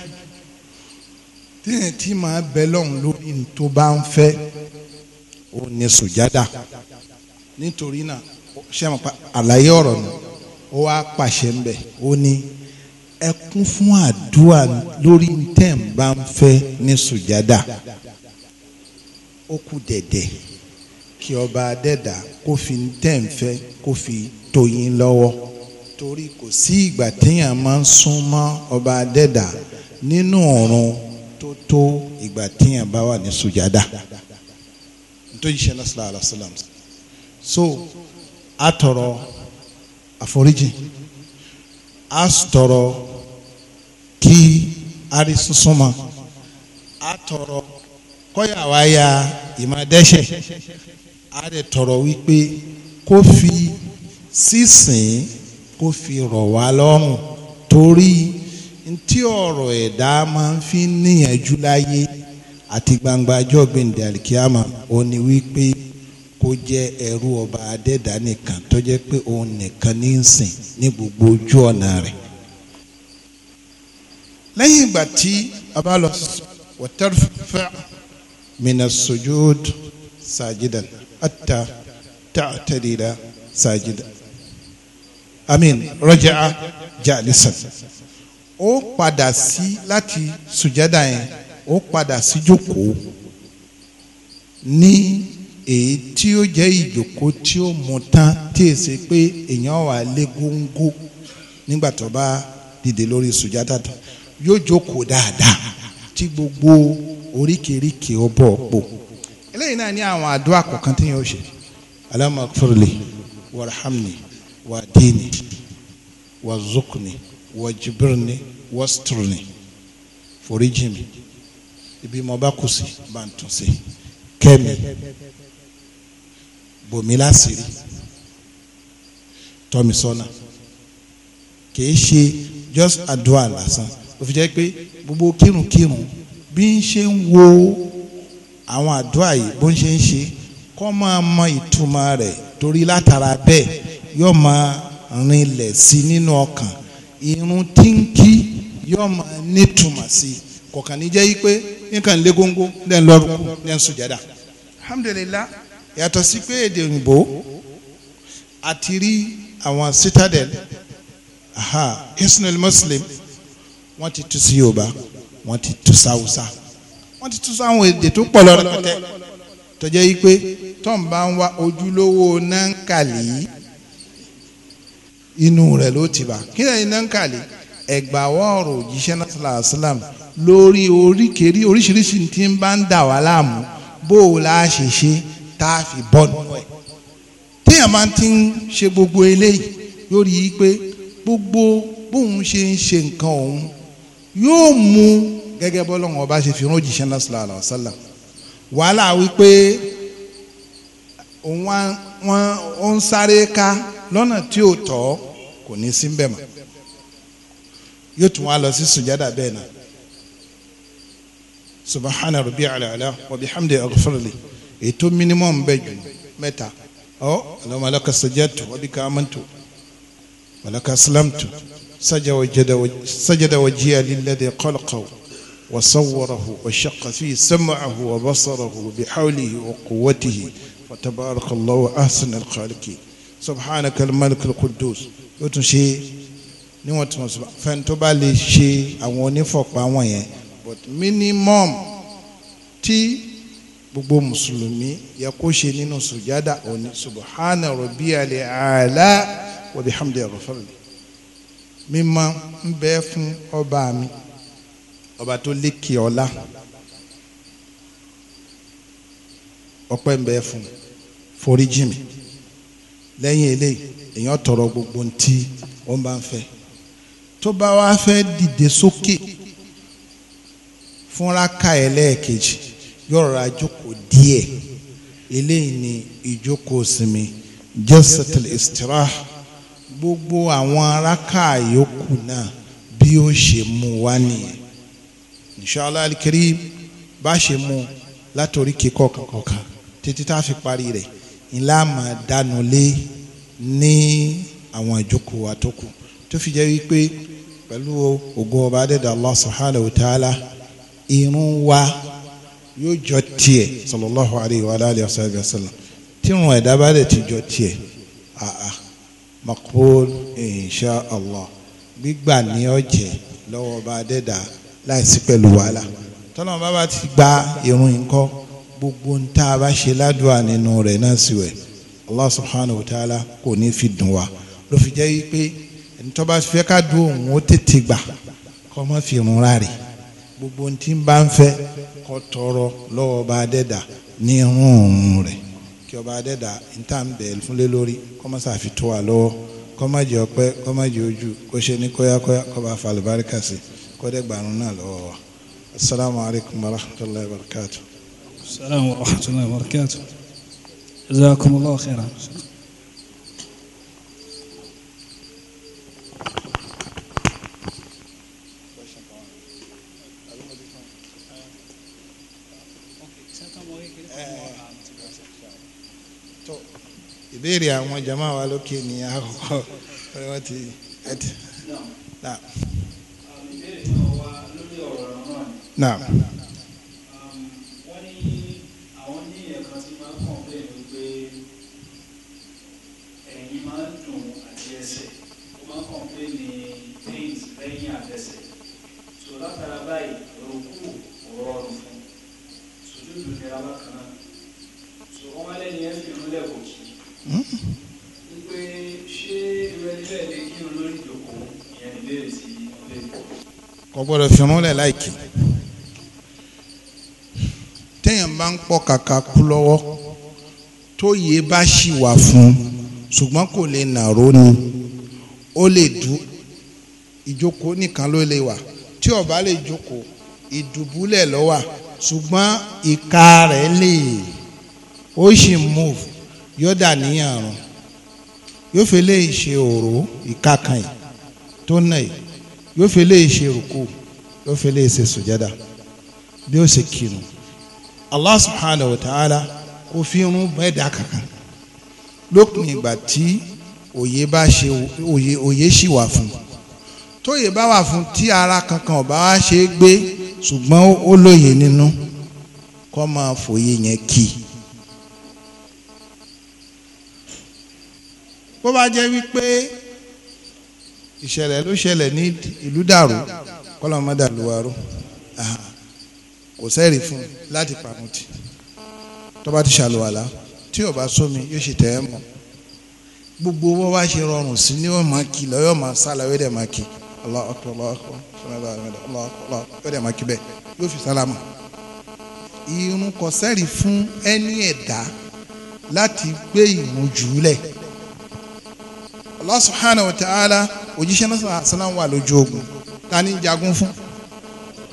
Speaker 2: téèyàn tí màá bẹ lọ́hùn lórí ní tó bá ń fẹ́ ó ní sùjádà nítorí náà ṣé àwọn àlàyé ọ̀rọ̀ ni ó wá pàṣẹ ń bẹ̀ ó ní ẹ kún fún àdúrà lórí tẹ̀ ń bá ń fẹ́ ní sùjádà ó kù dẹ̀dẹ̀ kí ọba adẹ́dà kó fi tẹ̀ ń fẹ́ kó fi tó yín lọ́wọ́ torí kò sí ìgbà téèyàn máa ń sún mọ́ ọba adẹ́dà nínú ọ̀run tó tó ìgbà téèyàn bá wà ní sùjádà nítorí iṣẹ́ náà sallallahu alaihi so a tọrọ àforíjì a tọrọ kí ari sunsun ma a tọrọ kọ́yà wa ya ìmọ̀dẹ́sẹ̀ a rẹ̀ tọrọ wípé kó fi sísìn kó fi rọ̀ wá lọ́rùn torí ntí ọ̀rọ̀ ẹ̀dá máa ń fi níyànjú láyé àti gbangba ọjọ́ gbẹ̀ǹdẹ̀ alikiyama ó ní wípé kó jẹ́ ẹrú ọba adẹ́dá nìkan tó jẹ́ pé òun nìkan ní í sìn ní gbogbo ojú ọ̀nà rẹ̀ lẹ́yìn ìgbà tí a bá lọ wọ́tẹ́rẹ́fẹ́ mina sojúd sàjìdàn àtà tààtàdìdà sàjìdàn amin rọjà jàlísàn ó padà sí láti sùjádà yẹn ó padà sí jókòó ní èyí tí ó jẹ́ ìjòkó tí ó mú tán tí è ṣe pé èèyàn wà lé góńgó nígbà tó bá dìde lórí sùjádà tán yóò jókòó dáadáa tí gbogbo oríkèéríkèé ọbọ̀ pò eléyìí náà ní àwọn àdúrà kọ̀ọ̀kan tí yóò ṣe alamakfurli warhamni wadini wazukni wajibirni wasturni foríjì ibi mo bá kù sí bá ń tún sí kẹ́mi bòmí láṣìírí tọ́ kì í ṣe just àdúrà lásán tó fi jẹ́ pé gbogbo kírunkírun bí ń ṣe ń wo àwọn àdúrà yìí bó ń ṣe ń ṣe kó máa mọ ìtumọ̀ rẹ̀ torí látara bẹ́ẹ̀ yóò máa rinlẹ̀ sí nínú ọkàn irun tí ń kí yóò máa nítumọ̀ sí kọ̀ọ̀kan ní jẹ́ yí pé nǹkan lé góńgó lẹ́ ń lọ́rùkú lẹ́ ń sùjádà. alhamdulillah. yàtọ̀ sí pé èdè òyìnbó àti rí àwọn citadel aha isnul muslim. muslim wọ́n ti tú sí yorùbá wọ́n ti tú sáwùsá wọ́n ti tú sáwọn èdè tó pọ̀ lọ rẹpẹtẹ tó jẹ́ yìí pé tọ́n bá ń wá ojúlówó nankali inú rẹ̀ ló ti bá kí lẹ́yìn nankali ẹ̀gbàwọ́ ọ̀rọ̀ òjíṣẹ́ náà sàlá àsìlám lórí oríkèrí oríṣiríṣi tí ń bá ń dà wá láàmú bó o la ṣe ṣe tá a fi bọ́ nù ẹ̀ téèyàn máa ti ń ṣe gbogbo eléyìí lórí yìí pé gbogbo bóun ṣe ń ṣe nǹkan òun yóò mú gẹ́gẹ́ bọ́lọ́hún ọba ṣe fi hàn òjíṣẹ́ náà sallallahu alaihi wasallam wàhálà wípé wọ́n ó ń sáré ká lọ́nà tí ò tọ́ kò ní sí bẹ́ẹ̀ mọ́ yóò tún wá lọ sí sùjádà bẹ́ẹ̀ náà subahana rabi alaala wa bihamdi aghfirli ètò minimum bẹ́ẹ̀ jù mẹ́ta ọ́ Allahumma laka sajadtu wa bika amantu wa سجد وجهه للذي خلقه وصوره وشق فيه سمعه وبصره بحوله وقوته فتبارك الله أحسن الخالقين سبحانك الملك القدوس وتشي níwọ̀n tí wọ́n sọ fẹ́ni tó bá lè ṣe àwọn onífọ̀pá wọn yẹn but minimum tí gbogbo mùsùlùmí yẹ kó ṣe nínú sùjádà òní subhana rabbiyal a'la wa bihamdi rafetli mímọ́ ń bẹ fún ọba mi ọba tó lékè ọlá ọpẹ́ ń bẹ fún foríjì mi lẹ́yìn eléyìí èèyàn tọrọ gbogbo ntí wọ́n bá ń fẹ́ tó bá wá fẹ́ dìde sókè fúnra ká ẹ lẹ́ẹ̀kejì yóò ra jókòó díẹ̀ eléyìí ni ìjókòó sinmi jẹ́sẹ̀tìlì ìsìtìráhà gbogbo àwọn aráka yòókù náà bí ó ṣe mú wá nìyẹn inshallah al-karim bá ṣe mú látòrí kíkọ kankan títí tá a fi parí rẹ̀ ńlá máa dánu lé ní àwọn ìjókòó wa tó kù tó fi jẹ́ wípé pẹ̀lú ògo ọba adẹ́dàá Allah subhanahu wa ta'ala irun wa yóò jọ tiẹ̀ sallallahu alayhi wa alihi wa sallam tí irun ẹ̀dá bá dẹ̀ ti jọ tiẹ̀ àà maqbul insha allah gbígbà ní ọ̀jẹ̀ lọ́wọ́ bá dẹ́dà láìsí pẹ̀lú wàhálà tọ́lọ́mọ bá bá ti gba irun nǹkan gbogbo ń tá a bá ṣe ládùúà nínú rẹ̀ náà sì wẹ̀ allah subhanahu wa ta'ala kò ní fi dùn wa ló fi jẹ́ pé ntọ́ fẹ́ ká dùn òun ó tètè gbà kọ́ mọ́ fi irun rárẹ̀ gbogbo ń ń bá ń fẹ́ kọ́ tọrọ lọ́wọ́ bá dẹ́dà ní irun òun rẹ̀ kí ọba adẹ́dà ntàn bẹ̀ẹ́ fúnlé lórí kọ́mọ́sá fi tó wa lọ́wọ́ kọ́mọ́jì ọpẹ́ kọ́mọ́jì ojú kó ṣe ní kóyákóyá kọ́ba falùbáríkà sí kọ́dẹ̀ gbàrún náà lọ́wọ́ wa asalaamualeykum wa rahmatulahi wa barakatu.
Speaker 3: asalaamualeykum wa rahmatulahi wa barakatu. jazakumullahu khairan.
Speaker 2: ìbéèrè àwọn jama wa lókè ní àkọ́kọ́ ọ̀rẹ́ wọn ti ẹtì. Naam. látara báyìí rògbò rọrùn fún sojú ìdúnnira bákan náà so wọn wá lẹ́yìn ẹ fi hàn lẹkọọ kí pé ṣé ìrẹ́ níbẹ̀ lè kí olórí ìjòkó ìyẹn ìbéèrè sí ilé ìjòkó. kò gbọ́dọ̀ fi múlẹ̀ láìkí téèyàn bá ń pọ̀ kàkà kú lọ́wọ́ tó yé bá ṣì wà fún un ṣùgbọ́n kò lè nàró ni ó lè dú ìjókòó nìkan ló lè wà tí ó lè jókòó ìdùbúlẹ̀ ló ṣùgbọ́n ìka rẹ̀ lè ó sì move yóò dà níyàn àrùn yóò fi lè ṣe òró ìkàkàn yìí tó nà yìí yóò fi lè ṣe rúkú yóò fi lè ṣe sùjádà bí ó ṣe kinu Allah subhanahu wa ta'ala kò fi irun bẹ́ẹ̀ dà kankan lópin ìgbà tí òye bá ṣe òye òye ṣì wà fún tóye bá wà fún tí ara kankan ọba wa ṣe é gbé ṣùgbọ́n ó lóye nínú kọ́ máa fòye yẹn kì í. bó bá jẹ́ wípé ìṣẹ̀lẹ̀ ló ṣẹlẹ̀ ní ìlú dàrú kọ́lọ́mọ́dà lùwárò kò sẹ́rì fún un láti pàmùtì tó bá ti ṣàlùwàlá tí ò bá sómi yóò ṣe tẹ̀ ẹ́ mọ́ gbogbo wọ́n wá ṣe rọrùn sí ni wọ́n máa kì lọ́yọ́ máa sálà wẹ́dẹ̀ máa kì wẹ́dẹ̀ máa kì bẹ́ẹ̀ yóò fi sálámà. irun kò sẹ́rì fún ẹni ẹ̀dá láti gbé ìrun jù Allah subhanahu wa ta'ala òjíṣẹ́ náà sàlám wà lójú ogun ta ni jagun fún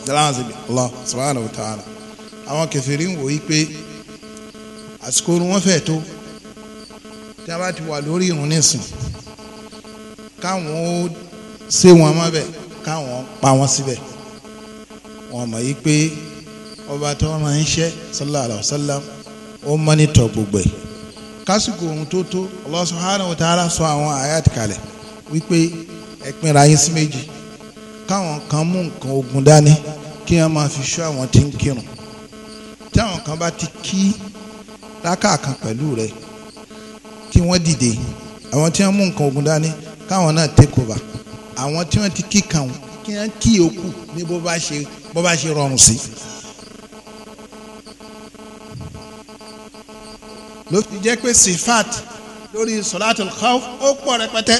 Speaker 2: sàlám síbi Allah subhanahu wa ta'ala àwọn kèfèrí ń wò yí pé àsìkò oorun wọn fẹ́ tó tí a bá ti wà lórí irun nísìn káwọn ó ṣe wọn mọ́bẹ̀ káwọn pa wọn síbẹ̀ wọn mọ̀ yí pé ọba tó máa ń ṣe sallallahu alaihi wasallam ó mọ́nítọ̀ gbogbo ẹ̀ kásìkò ohun tó tó Allah subhanahu wa ta'ala sọ àwọn ayat kalẹ̀ wípé ẹ pínra yín sí méjì káwọn kan mú nǹkan ogun dání kí wọ́n máa fi ṣọ́ àwọn tí ń kírun táwọn kan bá ti kí rákà kan pẹ̀lú rẹ̀ kí wọ́n dìde àwọn tí wọ́n mú nǹkan ogun dání káwọn náà take over àwọn tí wọ́n ti kí kàn kí wọ́n kí yòókù ní bó bá ṣe rọrùn sí. ló fi jẹ́ pé sifat lórí solatul khawf ó pọ̀ rẹpẹtẹ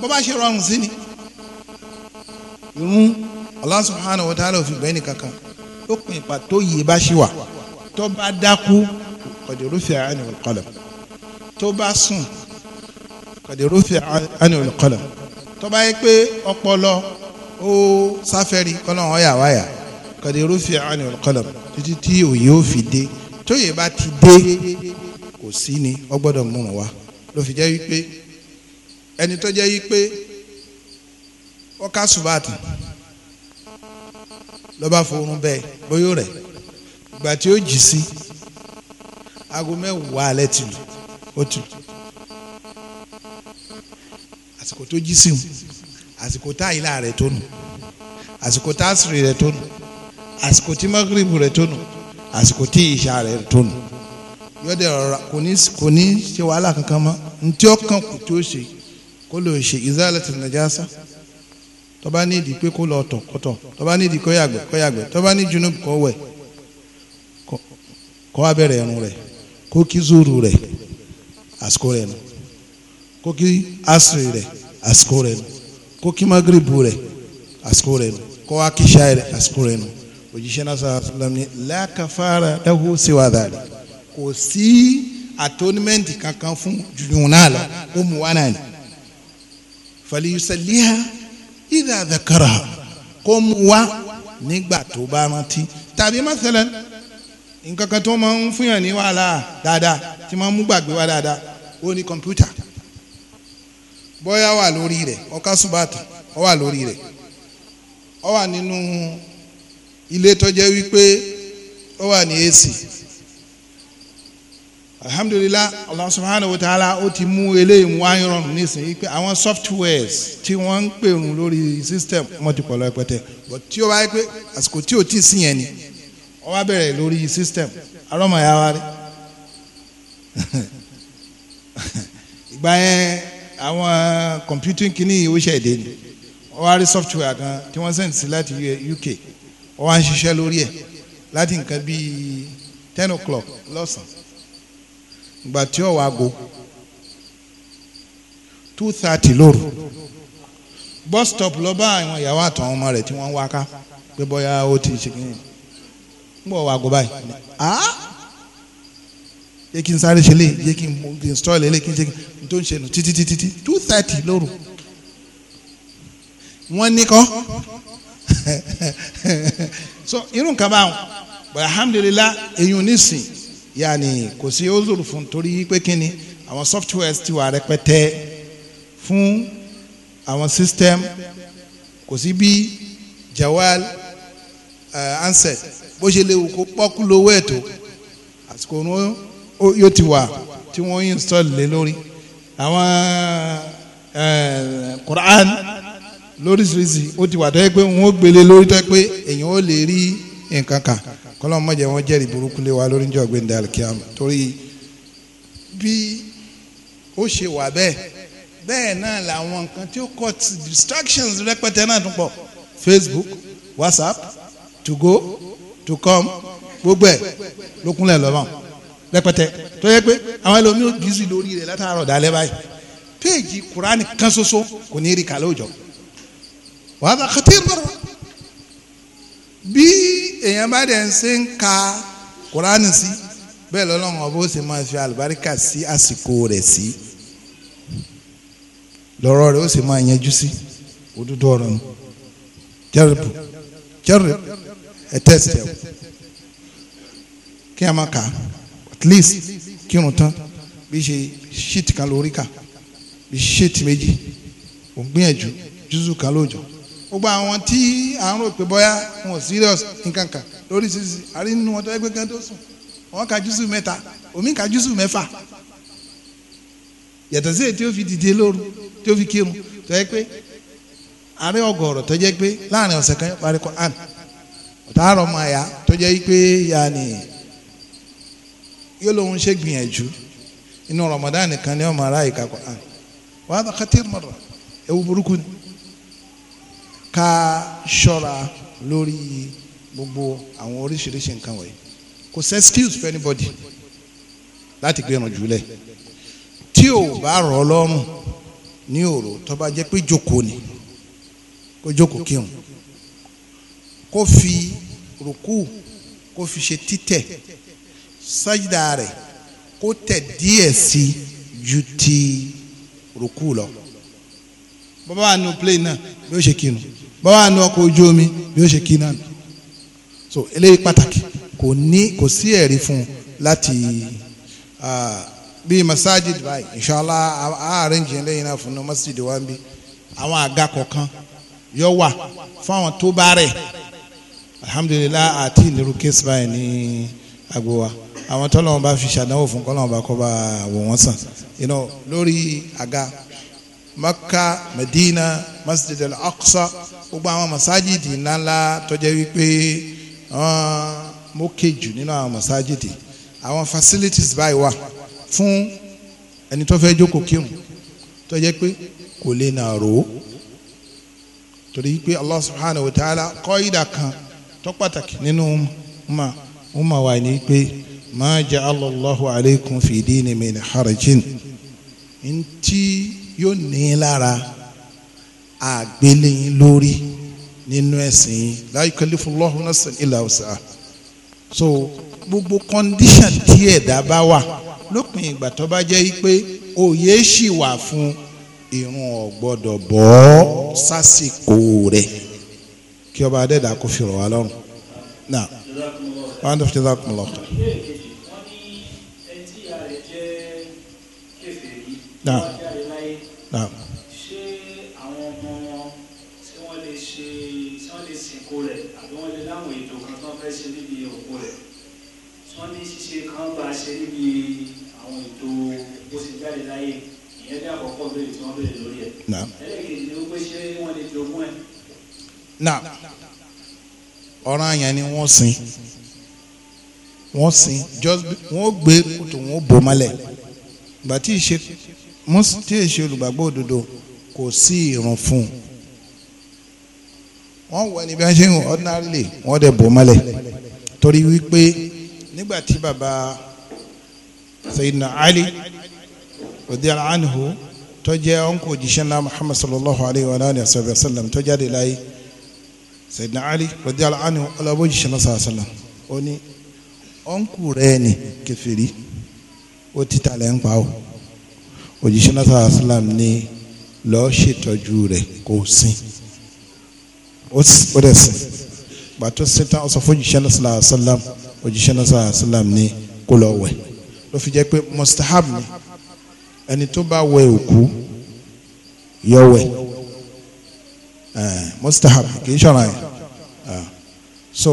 Speaker 2: bó bá ṣe rọrùn sí ni irun Allah subhanahu wa ta'ala òfin bẹ́ẹ̀ ni kankan ó pin ipa tó yé bá ṣe wà tó bá dákú kọ̀dẹ̀rúfẹ́ àánìwò kọlọ̀ tó bá sùn kọ̀dẹ̀rúfẹ́ àánìwò kọlọ̀ tó bá yẹ pé ọpọlọ ó sáfẹ́rí kọ́lọ́ ọ̀yà wáyà kọ̀dẹ̀rúfẹ́ àánìwò kọlọ̀ títí tí òye ó fi dé tóyè bá ti dé kò sí ni ọ gbọ́dọ̀ mú wọn wá ló fi jẹ́ wípé ẹni tó jẹ́ wípé ọkà subáàtì lọ́ba fòrun bẹ́ẹ̀ bóyó rẹ̀ ìgbà tí ó jì sí aago mẹ́wàá alẹ́ ti lù ó ti lù àsìkò tó jí sí wọn àsìkò tá àyílà rẹ̀ tó nù àsìkò tá àsìrì rẹ̀ tó nù àsìkò tí mọ́gírìbù rẹ̀ tó nù àsìkò tí ìṣà rẹ̀ tó nù. yọdẹ ọ̀rọ̀ kò ní kò ní ṣe wàhálà kankan mọ́ ntí ó kàn kù tí ó ṣe kó lè ṣe izalatul najasa tó bá ní ìdí pé kó lọ tọ̀ kó tọ̀ ní ìdí kó yàgbẹ́ kó yàgbẹ́ tó ní junub kó wẹ̀ kó wá ẹ̀rùn rẹ̀ kó kí zuru rẹ̀ àsìkò rẹ̀ nù kó kí asiri rẹ̀ àsìkò rẹ̀ nù kó kí magrebu rẹ̀ àsìkò rẹ̀ nù kó wá rẹ̀ àsìkò rẹ̀ nù òjíṣẹ́ náà sọ siwa kò sí atonement kankan fún jùlọ náà lọ ó mu wá náà ni falyusalliha idha dhakaraha kó mu wá nígbà tó bá rántí tàbí masalan nǹkan kan tó máa ń fún yàn ní wàhálà dáadáa tí máa ń mú gbàgbé wá dáadáa ó ní kọ̀mpútà bóyá wà lórí rẹ̀ ọ̀ká subáàtì ó wà lórí rẹ̀ ó wà nínú ilé tó wípé ó wà ní AC alhamdulilah allah subhanahu wa ta'ala ó ti mú eléyìí mú wáyé nísìnyí pé àwọn softwares tí wọ́n ń pèrún lórí system wọ́n ti but tí ó bá yẹ pé àsìkò tí ò tí sìn yẹn ni wọ́n bá bẹ̀rẹ̀ lórí system arọ́mọ ya wa rí <laughs> ìgbà yẹn àwọn computing kìíní yìí ó ṣẹ̀dẹ̀ ni wọ́n wá rí software kan tí wọ́n send sí láti uk wọ́n wá ń ṣiṣẹ́ lórí ẹ̀ láti nǹkan bíi ten o'clock lọ́sàn-án ìgbà tí ó wá go two thirty lóru bus stop lọ bá àwọn ìyàwó àtàwọn ọmọ rẹ̀ tí wọ́n ń wá ká pé bóyá ó ti ṣe kìíní ń bọ̀ wá go báyìí ah yé kí n sáré ṣe lé yé kí n mú kí lé kí n ṣe kí n tó ń ṣe nù títí títí two thirty lóru wọ́n ní kọ́ <laughs> so irú nǹkan báwọn but alhamdulilah èyí ò ní sìn yaani kò sí ozone fún torí pé kíni àwọn softwares ti wà rẹpẹtẹ fún àwọn system kò sí bí jawal uh, eh, answer bó ṣe léwu kó pọ́kú lówó ètò àsìkò òun yóò ti wà tí wọ́n install lé lórí àwọn eh, Quran lóríṣiríṣi ó ti wà tó yẹ pé wọ́n gbélé lórí tó yẹ pé èèyàn ó lè rí nǹkan kà kọ́lọ́mù má jẹ́ wọ́n jẹ́rìí burúkú lé wa lórí níjọ́ gbẹ̀ndẹ̀ alikiyama torí bí ó ṣe wà bẹ́ẹ̀ bẹ́ẹ̀ náà làwọn nǹkan tí ó kọ́ distractions rẹpẹtẹ náà tún pọ̀ Facebook WhatsApp to go to come gbogbo ẹ̀ ló kúnlẹ̀ lọ́wọ́ rẹpẹtẹ tó yẹ pé àwọn ẹlòmíì ò bísí lórí rẹ̀ látàárọ̀ dálẹ́ báyìí péèjì kuraani kan ṣoṣo kò ní rí kàlẹ́ òjò wàhálà kàtí ń bí èèyàn bá dẹ̀ ń ṣe ń ka kuraani sí bẹ́ẹ̀ lọ́lọ́run ọba ó sì máa fi àlùbáríkà sí àsìkò rẹ̀ sí lọ́rọ̀ rẹ̀ ó sì máa yanjú sí òdodo ọ̀rọ̀ ni jẹ́rìbù jẹ́rìbù ẹ tẹ́sí ẹ̀ kí a máa kà at least kírun tán bí ṣe ṣíìtì kan lórí kà bí ṣíìtì méjì ò ń gbìyànjú júzù kan lóòjọ́ gbogbo àwọn tí à ń rò pé bọ́yá wọn ò serious nǹkan kan lórí sísè àrí nínú wọn tó ẹgbẹ́ kan tó sùn wọn ka jùsù mẹ́ta omi ka jùsù mẹ́fà yàtọ̀ sí èyí tí ó fi dìde lóru tí ó fi kírun tó yẹ pé àárẹ̀ ọgọ̀rọ̀ tó jẹ́ pé láàrin ọ̀sẹ̀ kan parí kọ́ àn ọ̀tá àrọ̀ máa yá tó jẹ́ pé yà ni yóò lóun ṣe gbìyànjú inú Ramadan nìkan ni ọmọ aráyè kakọ àn wàá bá kátìrì mọ̀rọ̀ ewu burúkú ni ká ṣọ́ra lórí gbogbo àwọn oríṣiríṣi nǹkan wọ̀nyí kò sẹ́ excuse for anybody láti gbé irun jùlẹ̀ tí ò bá rọ̀ ọ́ lọ́rùn ní òrò tó bá jẹ́ pé jókòó ni kó jókòó kírun kó fi rùkú kó fi ṣe títẹ̀ sájídà rẹ̀ kó tẹ̀ díẹ̀ sí ju ti rùkú lọ bọ́bá wà plane náà bí ó ṣe kírun bá wà ní ọkọ̀ ojú omi yóò ṣe kí náà so eléyìí pàtàkì kò ní kò sí ẹ̀rí fún láti bíi masajid báyìí inṣàlá àárín jìn lẹ́yìn náà fún masjid wa ń bí àwọn àga kọ̀ọ̀kan yóò wà fún àwọn tó bá rẹ̀ alhamdulillah àti ìlérú case báyìí ní agbo wa àwọn tọ́lọ́wọ́n bá fi ṣàdánwò fún kọ́lọ́wọ́n bá kọ́ bá wò wọ́n sàn lórí àga Makka Medina masjid al-aqsa gbogbo àwọn masajidi ńláńlá tó jẹ́ wípé mókè nínú àwọn masajidi àwọn facilities báyìí wà fún ẹni tó fẹ́ jókòó kírun tó jẹ́ pé kò lè nà ró torí pé allah subhanahu wa ta'ala kọ́ ìdá kan tó pàtàkì nínú ma ma wà ní pé ma ja'ala Allahu alaykum fi dini min harajin ntí yóò ní lára àgbéléyìn lórí nínú ẹ̀sìn yìí la yukallifullahu nafsan illa wus'aha so gbogbo condition tí ẹ̀dá bá wà lópin ìgbà tó bá jẹ́ pé òye ṣì wà fún irun ọ̀gbọ́dọ̀ bọ́ sásìkò rẹ̀ kí ọba adẹ́dàá kò fi rọ̀ wá lọ́rùn náà wọ́n á dọ̀ fi dákun lọ́kàn.
Speaker 3: Naam. Naam. ṣe níbi àwọn ètò
Speaker 1: bó ṣe jáde láyé ìyẹn ní àkọ́kọ́ béèrè tí wọ́n béèrè lórí ẹ̀. ẹlẹ́kejì ni ó pé ṣé wọ́n lè
Speaker 2: jogún ẹ̀. na ọ̀ràn yẹn ni wọ́n sin wọ́n sin wọ́n gbé kòtò wọ́n bò mọ́lẹ̀ ìgbà tí ìṣe tí ìṣe olùgbàgbọ́ òdodo kò sí ìrun fún un wọ́n wọ ẹni bí wọ́n ṣe ń ordinarily wọ́n dẹ̀ bò mọ́lẹ̀ torí wípé nígbà tí bàbá sayidina ali radiyallahu anhu tó jẹ́ ọ̀nkò òjíṣẹ́ náà muhammad sallallahu alayhi wa alayhi wa sallam tó jáde láyé sayidina ali radiyallahu anhu ọlọ́bọ̀ òjíṣẹ́ náà sallallahu alayhi wa sallam ó ní ọ̀nkù rẹ̀ ni kẹfìrí ó ti tàlẹ̀ ń pa ó òjíṣẹ́ náà sallallahu alayhi wa sallam ní lọ́ọ́ ṣètọ́jú rẹ̀ kó sìn ó dẹ̀ sìn gbàtó sẹ́tàn ọ̀sọ̀ fún náà sallallahu alayhi náà sallallahu alayhi wa sallam ló fi pé mustahab ni ẹni tó bá wẹ òkú yọ mustahab kì í ṣọ̀ràn yẹn so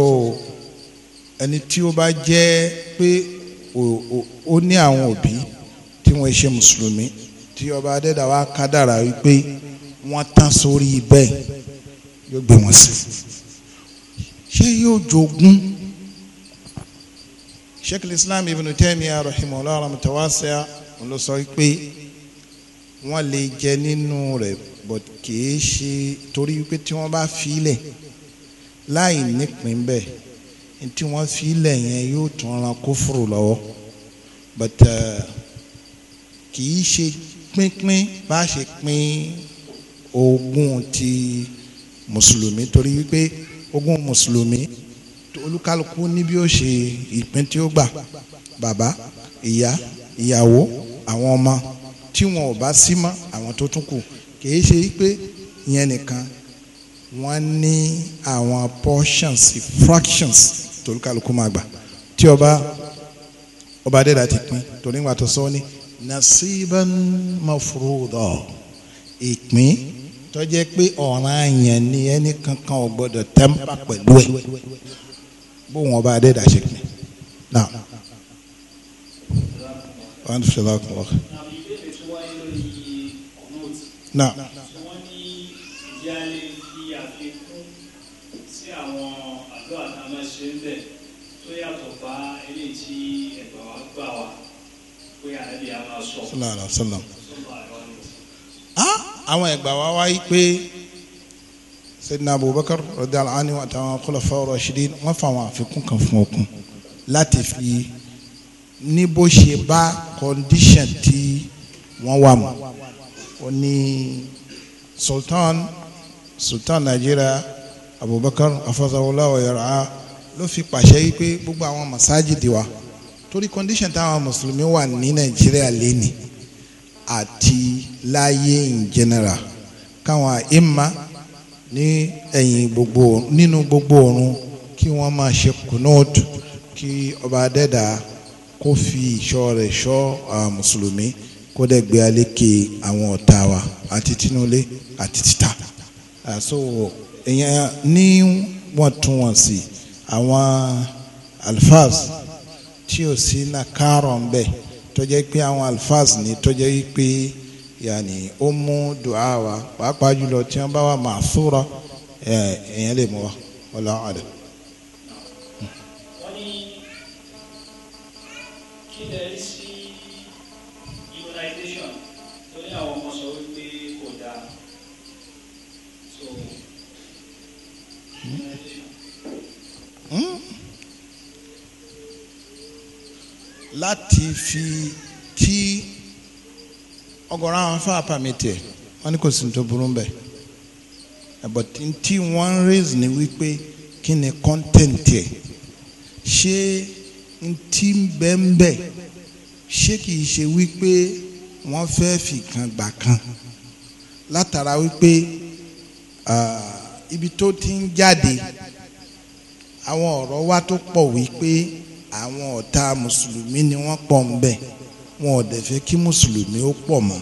Speaker 2: ẹni tí ó bá jẹ́ pé ó ní àwọn òbí tí wọ́n ṣe mùsùlùmí tí ọba adẹ́dà wa kádàrà wípé wọ́n tán sórí bẹ́ẹ̀ yóò gbé wọn sí ṣé yóò jogún sheikh islam ibn taymiya rahimahullah rahmatawasiya ló sọ pé wọ́n lè jẹ nínú rẹ̀ but kìí ṣe torí pé tí wọ́n bá filẹ̀ láì nípìn bẹ́ẹ̀ tí wọ́n filẹ̀ yẹn yóò tún ran kófòrò lọ́wọ́ but uh, kìí ṣe pínpín bá ṣe pín ogún ti mùsùlùmí torí wípé ogún mùsùlùmí olúkálukú ní bí ó ṣe ìpín tí ó gbà bàbá ìyá ìyàwó àwọn ọmọ tí wọn ò bá sí mọ́ àwọn tó tún kù kìí ṣe pé ìyẹn nìkan wọ́n ní àwọn portions fractions tolúkálukú máa gbà tí ọba ọba adéda ti pín torí tó sọ ní nasiban mafurudọ ìpín tó jẹ́ pé ọ̀ranyàn ni ẹnì kankan ò gbọ́dọ̀ tẹ́ńpà pẹ̀lú ẹ̀ bóun ọba adéda ṣe kí na wọn fi ṣẹlá kọ.
Speaker 3: na. sallallahu alaihi wasallam.
Speaker 2: àwọn ẹ̀gbà wa wáyé pé. Sayyidina Abubakar radiyallahu anhu àtàwọn khulafa rashidin wọ́n fa àwọn àfikún kan fún okun láti fi ní bó ṣe bá condition tí wọ́n wà mọ́ ó ní sultan sultan Nigeria Abubakar afasawọlá ọ̀yọ̀rá ló fi pàṣẹ wípé gbogbo àwọn masajidi wa torí condition táwọn mùsùlùmí wà ní Nàìjíríà lẹ́nìí àti láyé in general káwọn imma ní ẹ̀yìn gbogbo nínú gbogbo òrun kí wọ́n máa ṣe kùnúùtù kí ọba adẹ́dà kó fi ìṣọ́ rẹ̀ ṣọ́ àwọn mùsùlùmí kó dẹ̀ gbé alékè àwọn ọ̀tá wa àti tinúlé àti títà so èèyàn ní wọ́n tún wọ́n sí àwọn alfaz tí ò sí nàkàrọ̀ ń bẹ̀ tó pé àwọn alfaz ní tó jẹ́ pé yàní ó mú dùá wa pàápàá jùlọ tí wọ́n bá wà máa súra èèyàn lè mú wa wallahu a'lam. Hmm? Hmm? láti fi kí ọ̀gọ̀rọ̀ àwọn afa àpàmìtì wọn ni kò sì tó burú bẹ ẹbọ tí wọn ń raise ni wípé kí ni content ẹ ṣé n ti bẹ́ẹ̀ bẹ́ẹ̀ ṣé ṣe wípé wọ́n fẹ́ fìkan gbà kan látara wípé ibi tó ti ń jáde àwọn ọ̀rọ̀ wa tó pọ̀ wípé àwọn ọ̀tá mùsùlùmí ni wọ́n pọ̀ ń bẹ̀ wọn ò dẹ̀ fẹ́ kí mùsùlùmí ó pọ̀ mọ́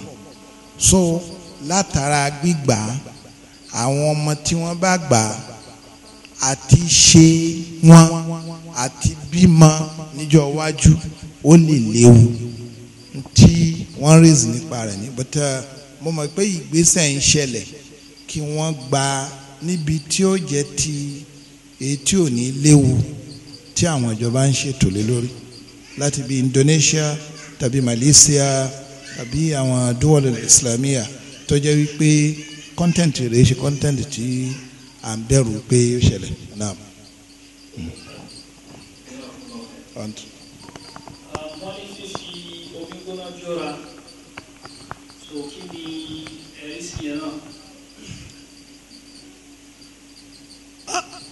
Speaker 2: so látara gbígbà àwọn ọmọ tí wọ́n bá gbà àti ṣe wọn àti bímọ níjọ́ iwájú ó lè léwu tí wọ́n rèézì nípa rẹ̀ ní bọ́tẹ́ uh, mo mọ̀ pé ìgbésẹ̀ ń ṣẹlẹ̀ kí wọ́n gba níbi tí ó jẹ́ ti èyí tí ò ní léwu tí àwọn ìjọba ń ṣètò lé lórí láti bí Indonesia tàbí Malaysia tàbí àwọn duwọ́lù islamia tó jẹ́ wípé kọ́ńtẹ́ǹtì rẹ̀ ṣe kọ́ńtẹ́ǹtì tí à ń bẹ̀rù pé ó ṣẹlẹ̀ náà. wọ́n ní fífi omi gbóná jọra tó kí ni ẹ̀rí sí yẹn náà.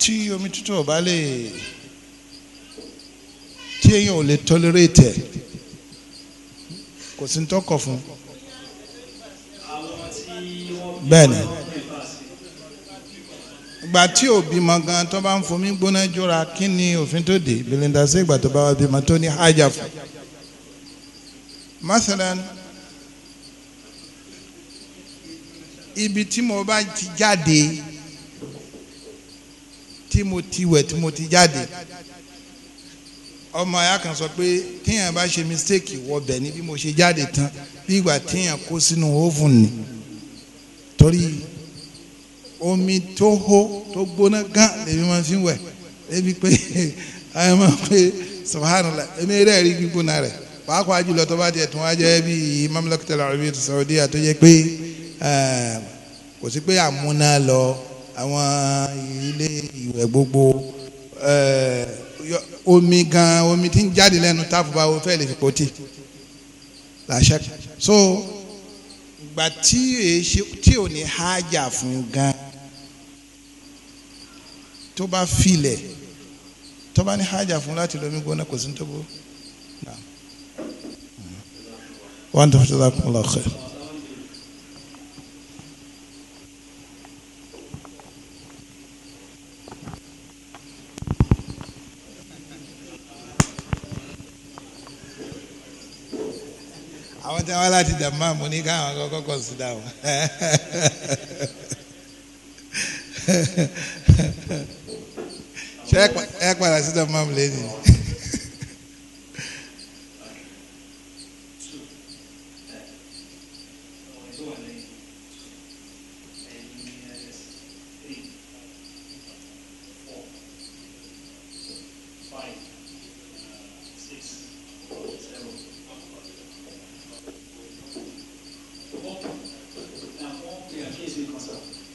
Speaker 2: tí omi tútù ọba lè tí èèyàn ò lè tolerate ẹ̀ kò sí tọkọ fún. bẹ́ẹ̀ni ìgbà tí ò bímọ gan tó bá ń fomi gbóná jóra kí ni òfin tó dé belinda sí ìgbà tó bá wà bímọ tó ní hájà fún. masalan ibi tí mo bá ti jáde tí mo ti wẹ̀ tí mo ti jáde. jáde ọmọ àyà kan sọ pé tíyàn bá ṣe mistake wọbẹ̀ ni bí mo ṣe jáde tán bí ìgbà tíyàn kó sínú oven ni torí omi tó hó tó gbóná gán lèmi máa fi wẹ̀ ebi pé ayé <laughs> máa pé subhanallah èmi rẹ̀ rí gbígbóná rẹ̀ pàápàá jùlọ tó bá tiẹ̀ tún wá jẹ́ bí mamlakatul arabiyyat saudi àti yẹ pé eh, kò sí pé àmúná lọ àwọn ilé ìwẹ̀ gbogbo. Eh, omi gan omi tí ń jáde lẹ́nu táfùbá o fẹ́ẹ́ lè fi pọ́tì làṣẹ. so ìgbà tí èṣe tí ò ní hájà fún gan tó bá filẹ̀ tó bá ní hájà fún láti lómi gbóná kò sí ní tó bó. wọ́n tó fi tó dákun àwọn tí wọ́n láti dàmá mo ní káwọn kọ́kọ́ kọ̀ǹsídà wọn. ṣé ẹ padà sí dàmá mi lẹ́yìn.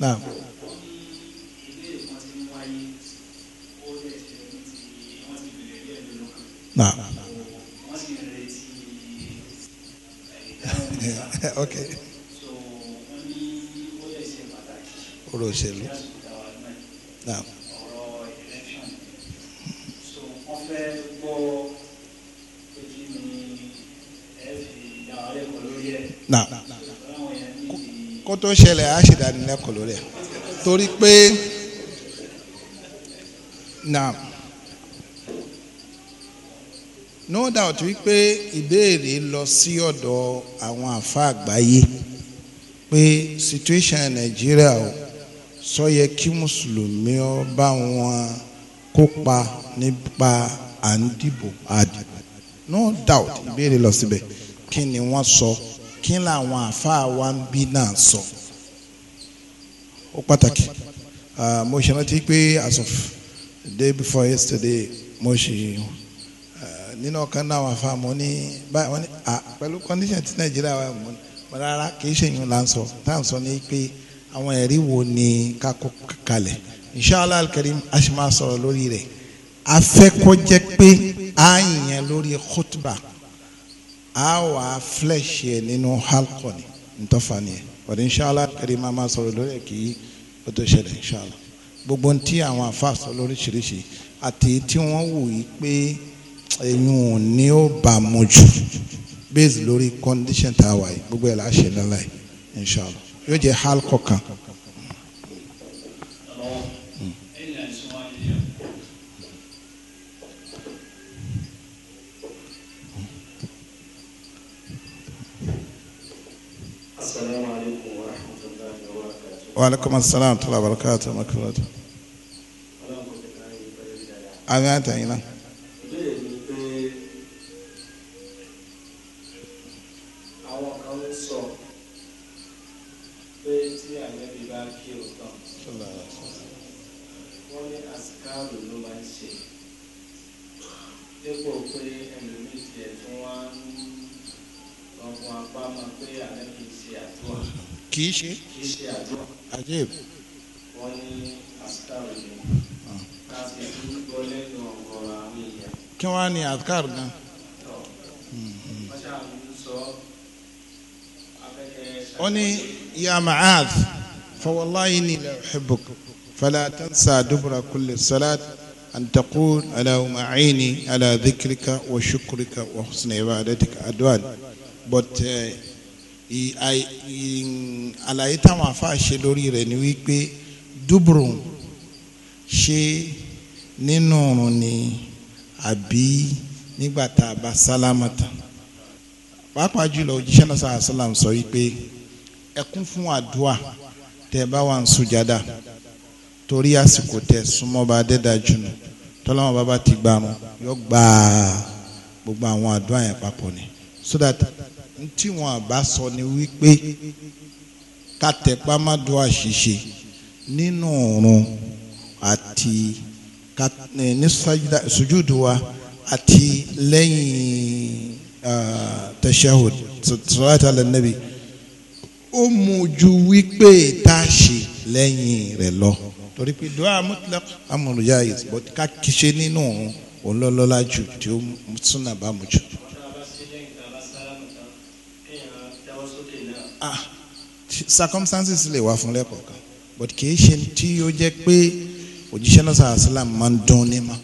Speaker 2: Naam. Naam. <laughs> okay. ọ̀rọ̀ òṣèlú.
Speaker 4: Naam.
Speaker 1: Naam
Speaker 2: kó tó ṣẹlẹ̀ á ṣèdánilẹ́kọ̀ọ́ lórí ẹ̀ torí pé now no doubt wípé ìbéèrè lọ sí ọ̀dọ̀ àwọn àfa àgbáyé pé situation Nigeria ò sọ yẹ kí mùsùlùmí ọ bá wọn kópa nípa à àdìbò no doubt ìbéèrè lọ síbẹ̀ kí ni wọ́n sọ. So kí làwọn àáfàá wa ń bí náà sọ ó pàtàkì mo ṣe rántí pé as of the day before yesterday mo ṣe nínú ọ̀kan náà àwọn àáfàá mo ní báyìí wọ́n ní pẹ̀lú condition ti nàìjíríà wà mo ní rárá kì í ṣe yín là ń sọ tá à ń sọ ní pé àwọn ẹ̀rí wo ni ká kó kalẹ̀ inṣàlá alkarim a ṣe máa sọ̀rọ̀ lórí rẹ̀ afẹ́kọ́jẹ́ pé a yàn lórí khutba a wà á flesh yẹ nínú halkọ ni ntọ́fà ni yẹ wọ́n inṣàlá kiri máa ma sọ̀rọ̀ lórí ẹ̀ kí ó tó ṣẹlẹ̀ inṣàlá gbogbo ntí àwọn afa sọ lóríṣiríṣi àti tí wọ́n wù yí pé ẹ̀yin ò ní ó bà mú jù based lórí condition tá a wà yìí gbogbo ẹ̀ láṣẹ lọ́la yìí inṣàlá yóò jẹ́ halkọ kan.
Speaker 4: السلام عليكم ورحمة الله وبركاته وعليكم السلام
Speaker 2: ورحمة الله وبركاته مكفرة أنا تعينا
Speaker 1: Thank you. kì í ṣe ajib. wọ́n ní àṣìkárò ni ká sì gbọ́ lẹ́nu ọ̀gọ̀rọ̀ àwọn èèyàn.
Speaker 2: kí wọ́n á ní àṣìkárò gan. ó ní ya Ma'adh fawallahi inni la uhibbuka fala tansa dubra kulli salat. أن تقول اللهم أعيني على ذكرك وشكرك وحسن عبادتك أدوان but uh, àlàyé táwọn afa ṣe lórí rẹ̀ ni wípé dúbùrùn ṣe nínú ọ̀run ni àbí nígbà tá a bá sálámà tán pàápàá jùlọ òjíṣẹ́ náà sàrà sàlám sọ wípé ẹ kún fún àdúà tẹ bá wà ń sùjádà torí àsìkò tẹ súnmọ́ bá dẹ́dà jùlọ tọ́láwọn bàbá ti gbàrún yọ gbàá gbogbo àwọn àdúà yẹn papọ̀ ni so that ntí wọn àbá sọ ni wípé ká tẹpá má dùn àṣìṣe nínú ọ̀run àti ní sùjúdù wa àti lẹ́yìn tashahud salatu ala nabi ó mú ju wípé tá a ṣe lẹ́yìn rẹ̀ lọ torí pé dua mutlaq amúlùyà yìí ká kí ṣe nínú ọ̀run òun lọ́lọ́lá jù tí ó súnà bá mu jù. ah circumstances lè wá fún lẹ́kọ̀ọ̀kan but kì í ṣe tí ó jẹ́ pé òjíṣẹ́ náà sàrà sílám máa ń dún ní ma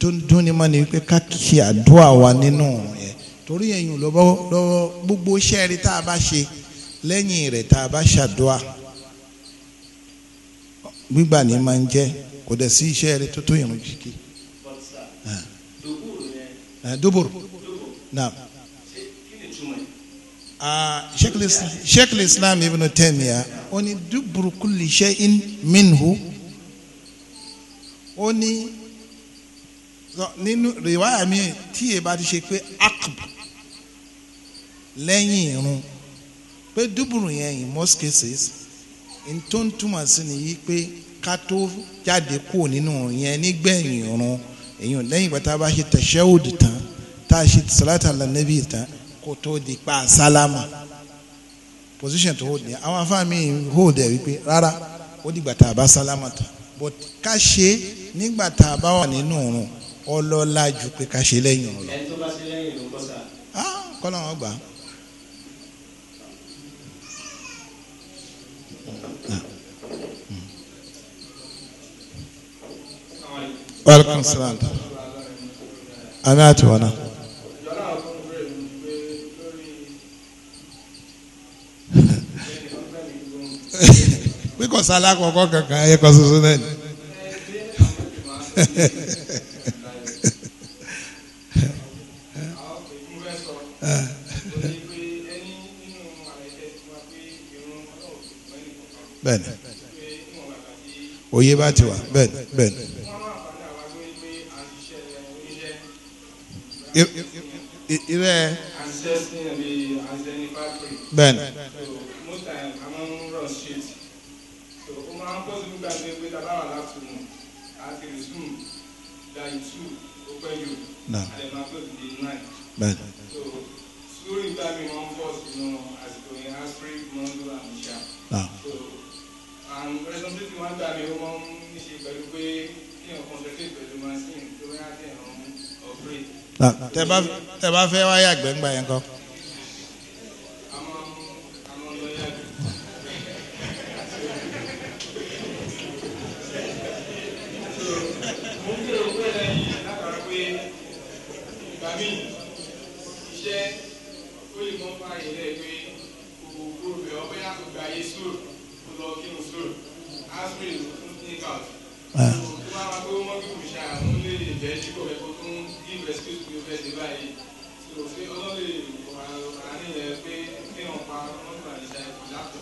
Speaker 2: tó ń dún ní ma ni wípé ká ṣe àdúrà wa nínú ẹ̀ torí ẹ̀yìn lọ́wọ́ lọ́wọ́ gbogbo iṣẹ́ rí tá a bá ṣe lẹ́yìn rẹ̀ tá a bá ṣàdúrà gbígbà ní máa ń jẹ́ kò dẹ̀ sí iṣẹ́ rẹ̀ tó tó ìrun kíkì. Ah. dóbòrò. Eh, naam. Ah, sheikh islam ibn taymiya ó ní duburu kulli shay'in minhu ó ní nínú rìwáyà mi tí èyí bá ti ṣe pé akb lẹ́yìn irun pé dúbùrù yẹn in most cases n tó ń túmọ̀ sí nìyí pé ká tó jáde kúrò yẹn nígbẹ̀yìn irun èyàn lẹ́yìn ìgbà tá a bá ṣe tashahud tán tá salata ala nabi kó tó di pa sálámà position tó hold yẹn àwọn afáàmì hold ẹ̀ wípé rárá ó dìgbà tá a bá sálámà tán but ká ṣe nígbà tá a bá wà nínú òrùn ọlọ́lá ju pé ká ṣe lẹ́yìn òrùn
Speaker 1: lọ. ẹni tó bá ṣe lẹ́yìn òrùn kọ́ sá. ah kọ́lọ́ wọn gbà á.
Speaker 2: Welcome, Salam. Amen to one. píkọ̀sí <laughs> alákọ̀ọ́kọ́ kankan ayé kan ṣoṣo náà ni. <laughs> bẹ́ẹ̀ni òye bá ti wà bẹ́ẹ̀ni bẹ́ẹ̀ni. irẹ́ bẹ́ẹ̀ni. gbàgbé pé tá a bá wà láti mọ̀ àti resume dayi two ó pẹ́ yòó àlẹ́ máa pẹ́ di nine. so sùúrù ìgbà mi wọ́n fọ́ sínú àsìkò yẹn aspirin mọ́ńdó àmìṣà. so and responsibility wọn gbà mí ó mọ́ ní ṣe pẹ̀lú pé kí n concentrate pẹ̀lú machine tó yá kí n ọ̀pẹ́rẹ́. tẹ bá fẹ́ wáyà gbẹ̀ngbà yẹn kọ́.
Speaker 1: kọ́ńsù ṣá àwọn lè bẹ́ ṣe kọ́ ẹ̀kọ́ tó bí rescue tó ṣe ọlọ́lẹ̀ ọ̀rá nílẹ̀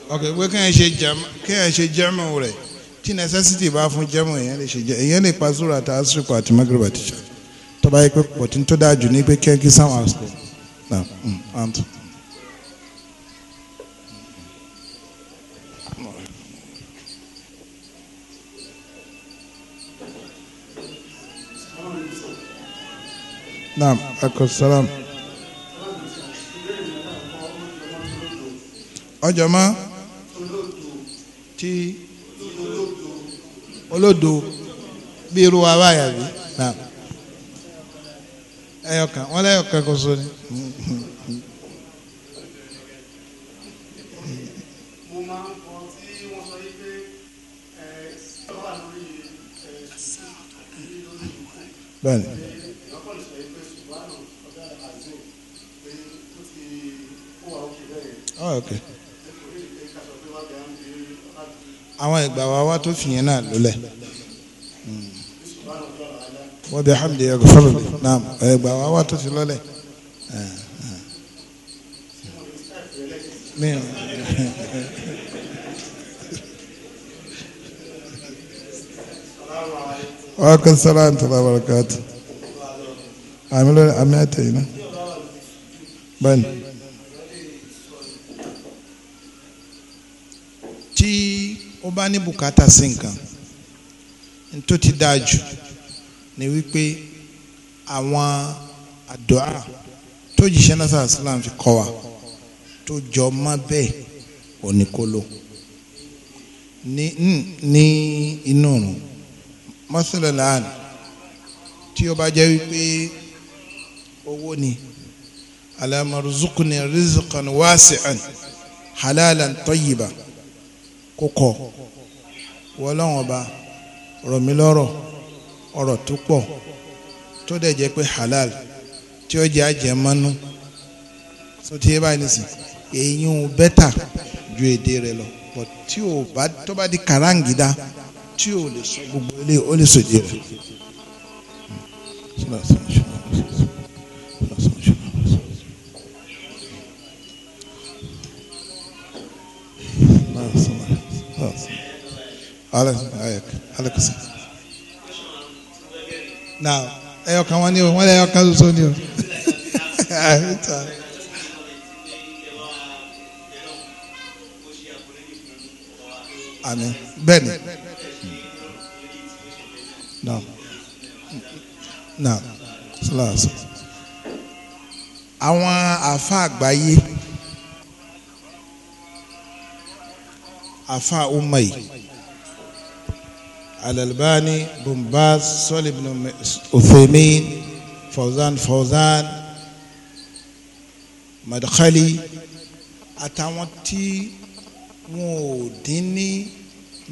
Speaker 2: ok pé kí ẹ ṣe jẹmọ kí ẹ ṣe jẹmọ rẹ tí necessity bá fún jẹmọ èèyàn lè ṣe jẹ èèyàn lè pa zura àti asrico àti magreba tíṣà tọ́ba yẹ pé pọ̀tí tó dáa jù ní pé kí ẹ kí sáwọn àsìkò náà naam akọ salam. ọjọ́ mọ́ tí olódo bí irú wa báyà bí naam ẹyọkan wọn lẹyọkan kò so ni. bẹ́ẹ̀ni. Ah, àwọn ìgbà wa wá tó fìyẹn náà lólẹ̀ wọ́n bí hamdi ẹ̀rọ fọlọ́ náà ìgbà wa wá tó fi lọ́lẹ̀. Wàhálà sàlám tàbá barakàtà. Àmì lórí àmì àtẹ̀yìn náà. Bẹ́ẹ̀ni. tí ó bá ní bùkátà sí nǹkan tó ti dáa jù ni wípé àwọn àdúà tó jíṣẹ́ náà sáà sílám fi kọ́ wa tó jọ mọ́ bẹ́ẹ̀ oníkóló ní ní inú òrùn mọ́sálẹ̀láàni tí ó bá jẹ́ wípé owó ni alamaruzukuni rizqan wasi'an halalan tayyiban kó kọ̀ wọ́n lọ́wọ́n ọba ọ̀rọ̀ mi lọ́rọ̀ ọ̀rọ̀ tó pọ̀ tó dẹ̀ jẹ́ pé halal tí ó jẹ́ àjẹmọ́nú so tí yé báyìí nìsín èyí ń bẹ́tà ju èdè rẹ lọ tí o bá tó bá di karangida tí o lè sọ gbogbo ilé o lè sọ èdè rẹ. Hmm. alakusa na ẹyọkan wọn ni o wọn lẹ ẹyọkan soso ni o àmín bẹ́ẹ̀ni na na sọlá àwọn àfa àgbáyé. afa umma yìí alalbani bumbaz sọlẹ ibn uthaymin fawzan fawzan madkhali àtàwọn tí wọn ò dín ní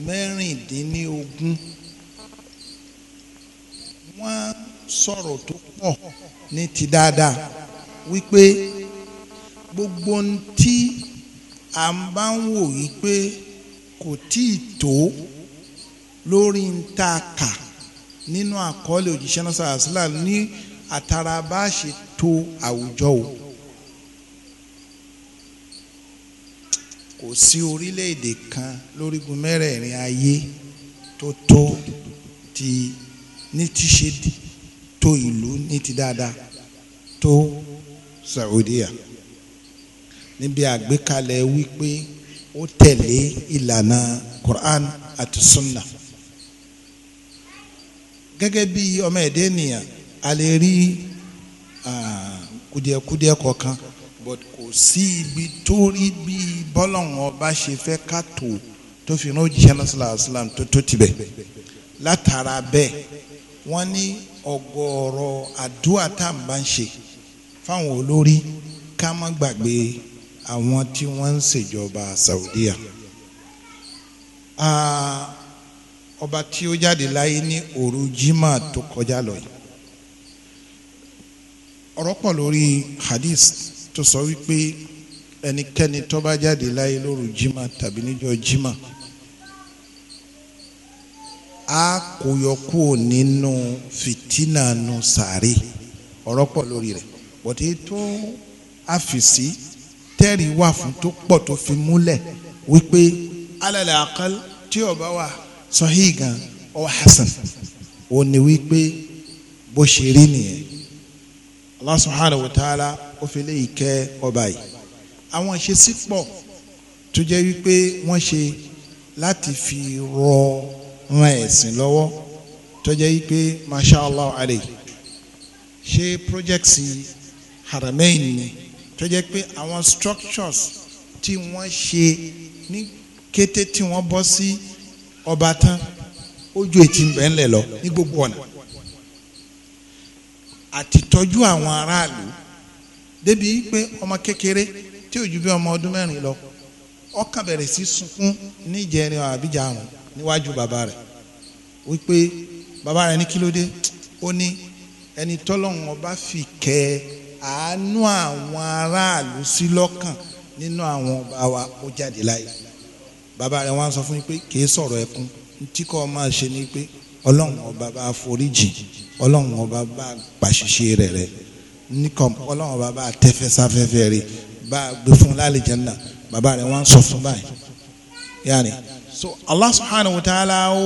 Speaker 2: mẹ́rìndínlógún wọ́n sọ̀rọ̀ tó pọ̀ ní ti dáadáa wípé gbogbo ohun tí à bá ń wò yí pé kò tí ì tó lórí ń ta kà nínú àkọọ́lẹ̀ òjíṣẹ́ náà sàrásílà ní àtàrà bá ṣe tó àwùjọ o kò sí orílẹ̀-èdè kan lórígun mẹ́rẹ̀ẹ̀rin ayé tó tó ti ní ti ṣe tó ìlú ní ti dáadáa tó Saudiya níbi àgbékalẹ̀ wípé ó tẹ̀lé ìlànà Quran àti Sunnah gẹ́gẹ́ bí ọmọ ẹ̀dẹ́ ènìyàn a lè rí kùdìẹ̀kùdìẹ̀ kọ̀ọ̀kan but kò sí ibi tó rí bí bọ́lọ̀hún ọba ṣe fẹ́ ká tó tó fi rán òjíṣẹ́ náà sallallahu alaihi tó tó tibẹ̀ látara bẹ́ẹ̀ wọ́n ní ọ̀gọ̀ọ̀rọ̀ àdúrà ń bá ń ṣe fáwọn olórí ká má gbàgbé àwọn tí wọ́n ń ṣèjọba Saudiya ah, ọba tí ó jáde láyé ní òru jimá tó kọjá lọ yìí ọ̀rọ̀ pọ̀ lórí hadith tó sọ wípé ẹnikẹ́ni tó bá jáde láyé lóru jimá tàbí níjọ́ jimá a kò yọ kúrò nínú fìtínà nù sàárè ọ̀rọ̀ pọ̀ lórí rẹ̀ bọ̀dé tó àfìsí tẹ́rì wà fún tó pọ̀ tó fi múlẹ̀ wípé alẹ́lẹ́ àkàl tí ọba wà sọ́hí gan ọ hasan ò ní wípé bó ṣe rí nìyẹn Allah subhanahu wa ta'ala ó fi lè kẹ́ ọba yìí àwọn ìṣesí pọ̀ tó jẹ́ wípé wọ́n ṣe láti fi rọ ran ẹ̀sìn lọ́wọ́ tó jẹ́ wípé masha Allah alayhi ṣe project haramẹ́yìn ni tó jẹ́ pé àwọn structures tí wọ́n ṣe ní kété tí wọ́n bọ́ sí ọba tán ojú ètí bẹ́ẹ̀ ńlẹ̀ lọ ní gbogbo ọ̀nà àtìtọ́jú àwọn aráàlú débi pé ọmọ kékeré tí ò ju bí ọmọ ọdún mẹ́rin lọ ọkàn bẹ̀rẹ̀ sí sunkún níjẹrin àbíjà àrùn níwájú bàbá rẹ̀ wípé bàbá rẹ̀ ní kí ló dé ó ní ẹni tọ́lọ́run ọba fi kẹ́ ẹ àánú àwọn aráàlú sí lọ́kàn nínú àwọn ọba wa ó jáde láyé bàbá rẹ̀ wọ́n á sọ fún yín pé kì í sọ̀rọ̀ ẹkún tí kò máa ṣe ni pé ọlọ́run ọba bá foríjì ọlọ́run ọba bá pàṣìṣe rẹ̀ rẹ̀ nìkan ọlọ́run ọba bá tẹ́fẹ́ sáfẹ́fẹ́ rẹ̀ bá gbé fún lálejò náà bàbá rẹ̀ wọ́n á sọ fún báyìí yáni so Allah subhanahu wa ta'ala ó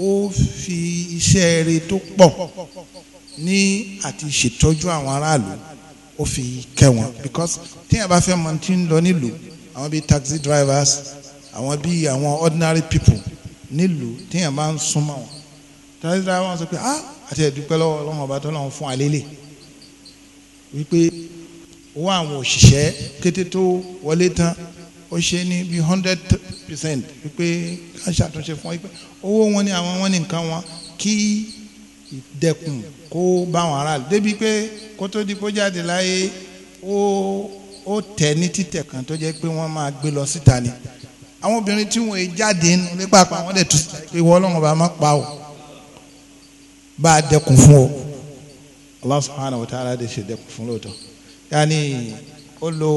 Speaker 2: ó fi iṣẹ́ rẹ̀ tó pọ̀ ní àti ṣètọ́jú àwọn aráàlú ó fi kẹ́ wọn because téèyàn bá fẹ́ mọ tí ń lọ nílùú àwọn bíi taxi drivers àwọn bíi àwọn ordinary people nílùú téèyàn bá ń súnmọ́ wọn taxi drivers wọn sọ pé ah àti ẹ̀dúpẹ́ lọ́wọ́ ọlọ́run ọba tó lọ́wọ́ fún alélè wípé owó àwọn òṣìṣẹ́ kété tó wọlé tán ó ṣe ní bíi hundred percent wípé ká ṣàtúnṣe fún wọn wípé owó wọn ni àwọn wọn ni nǹkan wọn kí ìdẹkùn kó báwọn aráàlú débi pé kótó dípò jáde láyé ó ó tẹ̀ ní títẹ̀ kan tó jẹ́ pé wọ́n máa gbé lọ síta ni àwọn obìnrin tí wọ́n jáde nínú ilé pàápàá wọ́n dẹ̀ tún sí pé wọ́n ọlọ́run bá má pa ọ́ bá a dẹkùn fún ọ Allah subhanahu wa ta'ala de ṣe dẹkùn fún lóòótọ́ yanni ó lo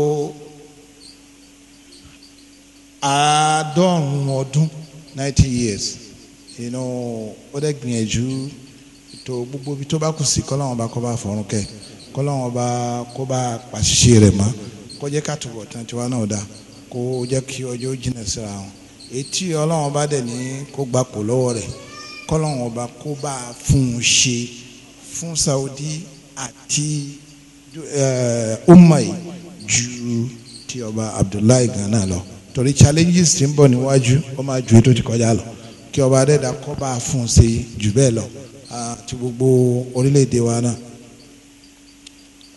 Speaker 2: àádọ́rùn-ún ọdún ninety years you know ó dẹ̀ gbìyànjú to gbogbo ibi tó bá kù sí kọ́láwọn bá kọ́ bá fọ̀run kẹ́ kọ́láwọn bá kó bá pàṣẹ rẹ̀ mọ́ kó jẹ́ ká túbọ̀ tán tiwa náà dá kó jẹ́ kí ọjọ́ jìnnà síra wọn etí ọlọ́wọ́n bá dẹ̀ ní kó gba kò lọ́wọ́ rẹ̀ kọ́láwọn bá kó bá fún un ṣe fún Saudi àti umai yìí ju ti ọba Abdullahi Gana lọ torí challenges ti ń bọ̀ níwájú ó máa ju ètò ti kọjá lọ kí ọba adẹ́dàá kó bá fún un ṣe jù bẹ́ẹ̀ lọ àti ah, gbogbo orílẹ̀-èdè wa náà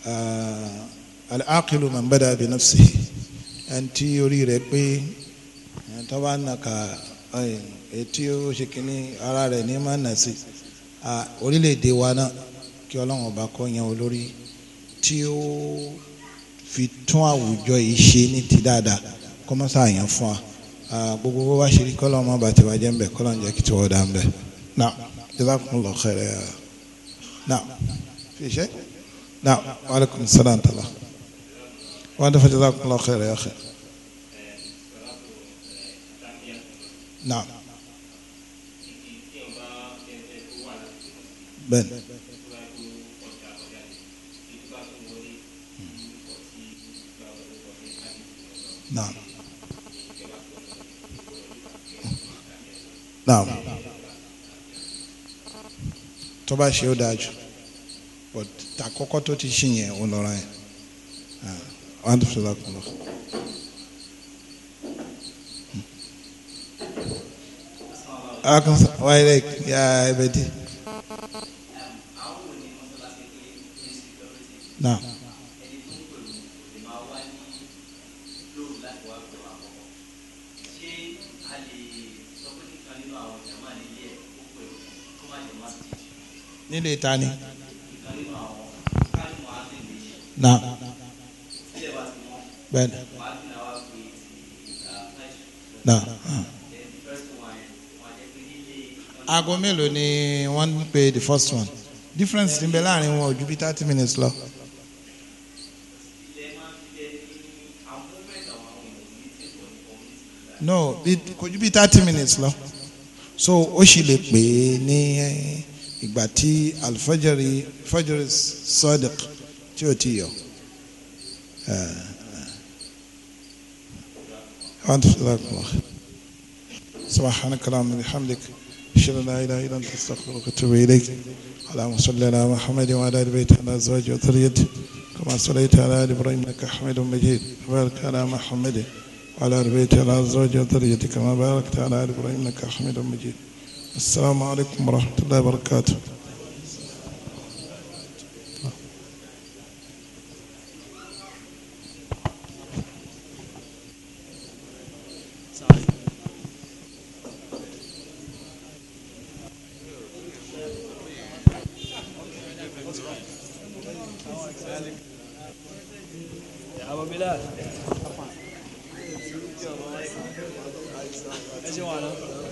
Speaker 2: ah, al-aqilu man bada bi nafsihi ẹni tí orí rẹ̀ pé ẹni tó bá nà ká etí ó ṣe kínní ara rẹ̀ ní má nà sí ah, orílẹ̀-èdè wa náà kí ọlọ́run ọba kọ́ yẹn olórí tí ó fi tún àwùjọ yìí ṣe ní ti dáadáa kọ́mọ́sá àyàn fún wa gbogbo bó bá ṣe rí kọ́lọ́ ọmọ bàtẹ́wájẹ́ ń bẹ̀ kọ́lọ́ ń jẹ́ kí tí wọ́n dá ń bẹ̀ náà. جزاكم الله خير يا نعم في شيء نعم وعليكم السلام ورحمة الله وأنت فجزاكم الله خير يا أخي نعم بن نعم نعم tó bá ṣe ó dáa jù but àkọ́kọ́ tó ti ṣe yẹn ò lọ́ra yẹn wọ́n á tó sọ́dọ̀ kù lọ. akansa wáyé rẹ̀ yá ẹbẹ̀ dì. nílé ìta ni. na bẹ́ẹ̀ni na. aago mélòó ni wọ́n ń pè the first one difference ti ń bẹ láàrin wọn ò ju bí thirty minutes lọ. no kò ju bí thirty minutes lọ so ó sì lè pè é ní. Eh, igbati alfajari fajari sadiq tí ó ti yọ. سبحانك اللهم وبحمدك اشهد ان لا اله الا انت استغفرك واتوب اليك اللهم صل على محمد وعلى ال بيته وعلى ازواجه وذريته كما صليت على ال ابراهيم انك حميد مجيد وبارك على محمد وعلى ال بيته على ازواجه وذريته كما باركت على ال ابراهيم انك حميد مجيد السلام عليكم ورحمة الله وبركاته
Speaker 3: Joanna.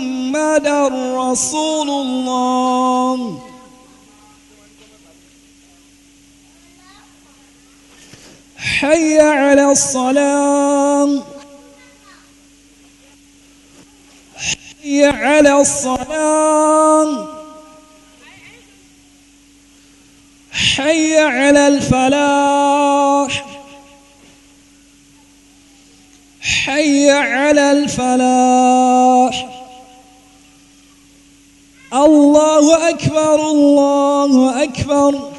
Speaker 3: محمد رسول الله حي على الصلاة حي على الصلاة حي على الفلاح حي على الفلاح الله أكبر الله أكبر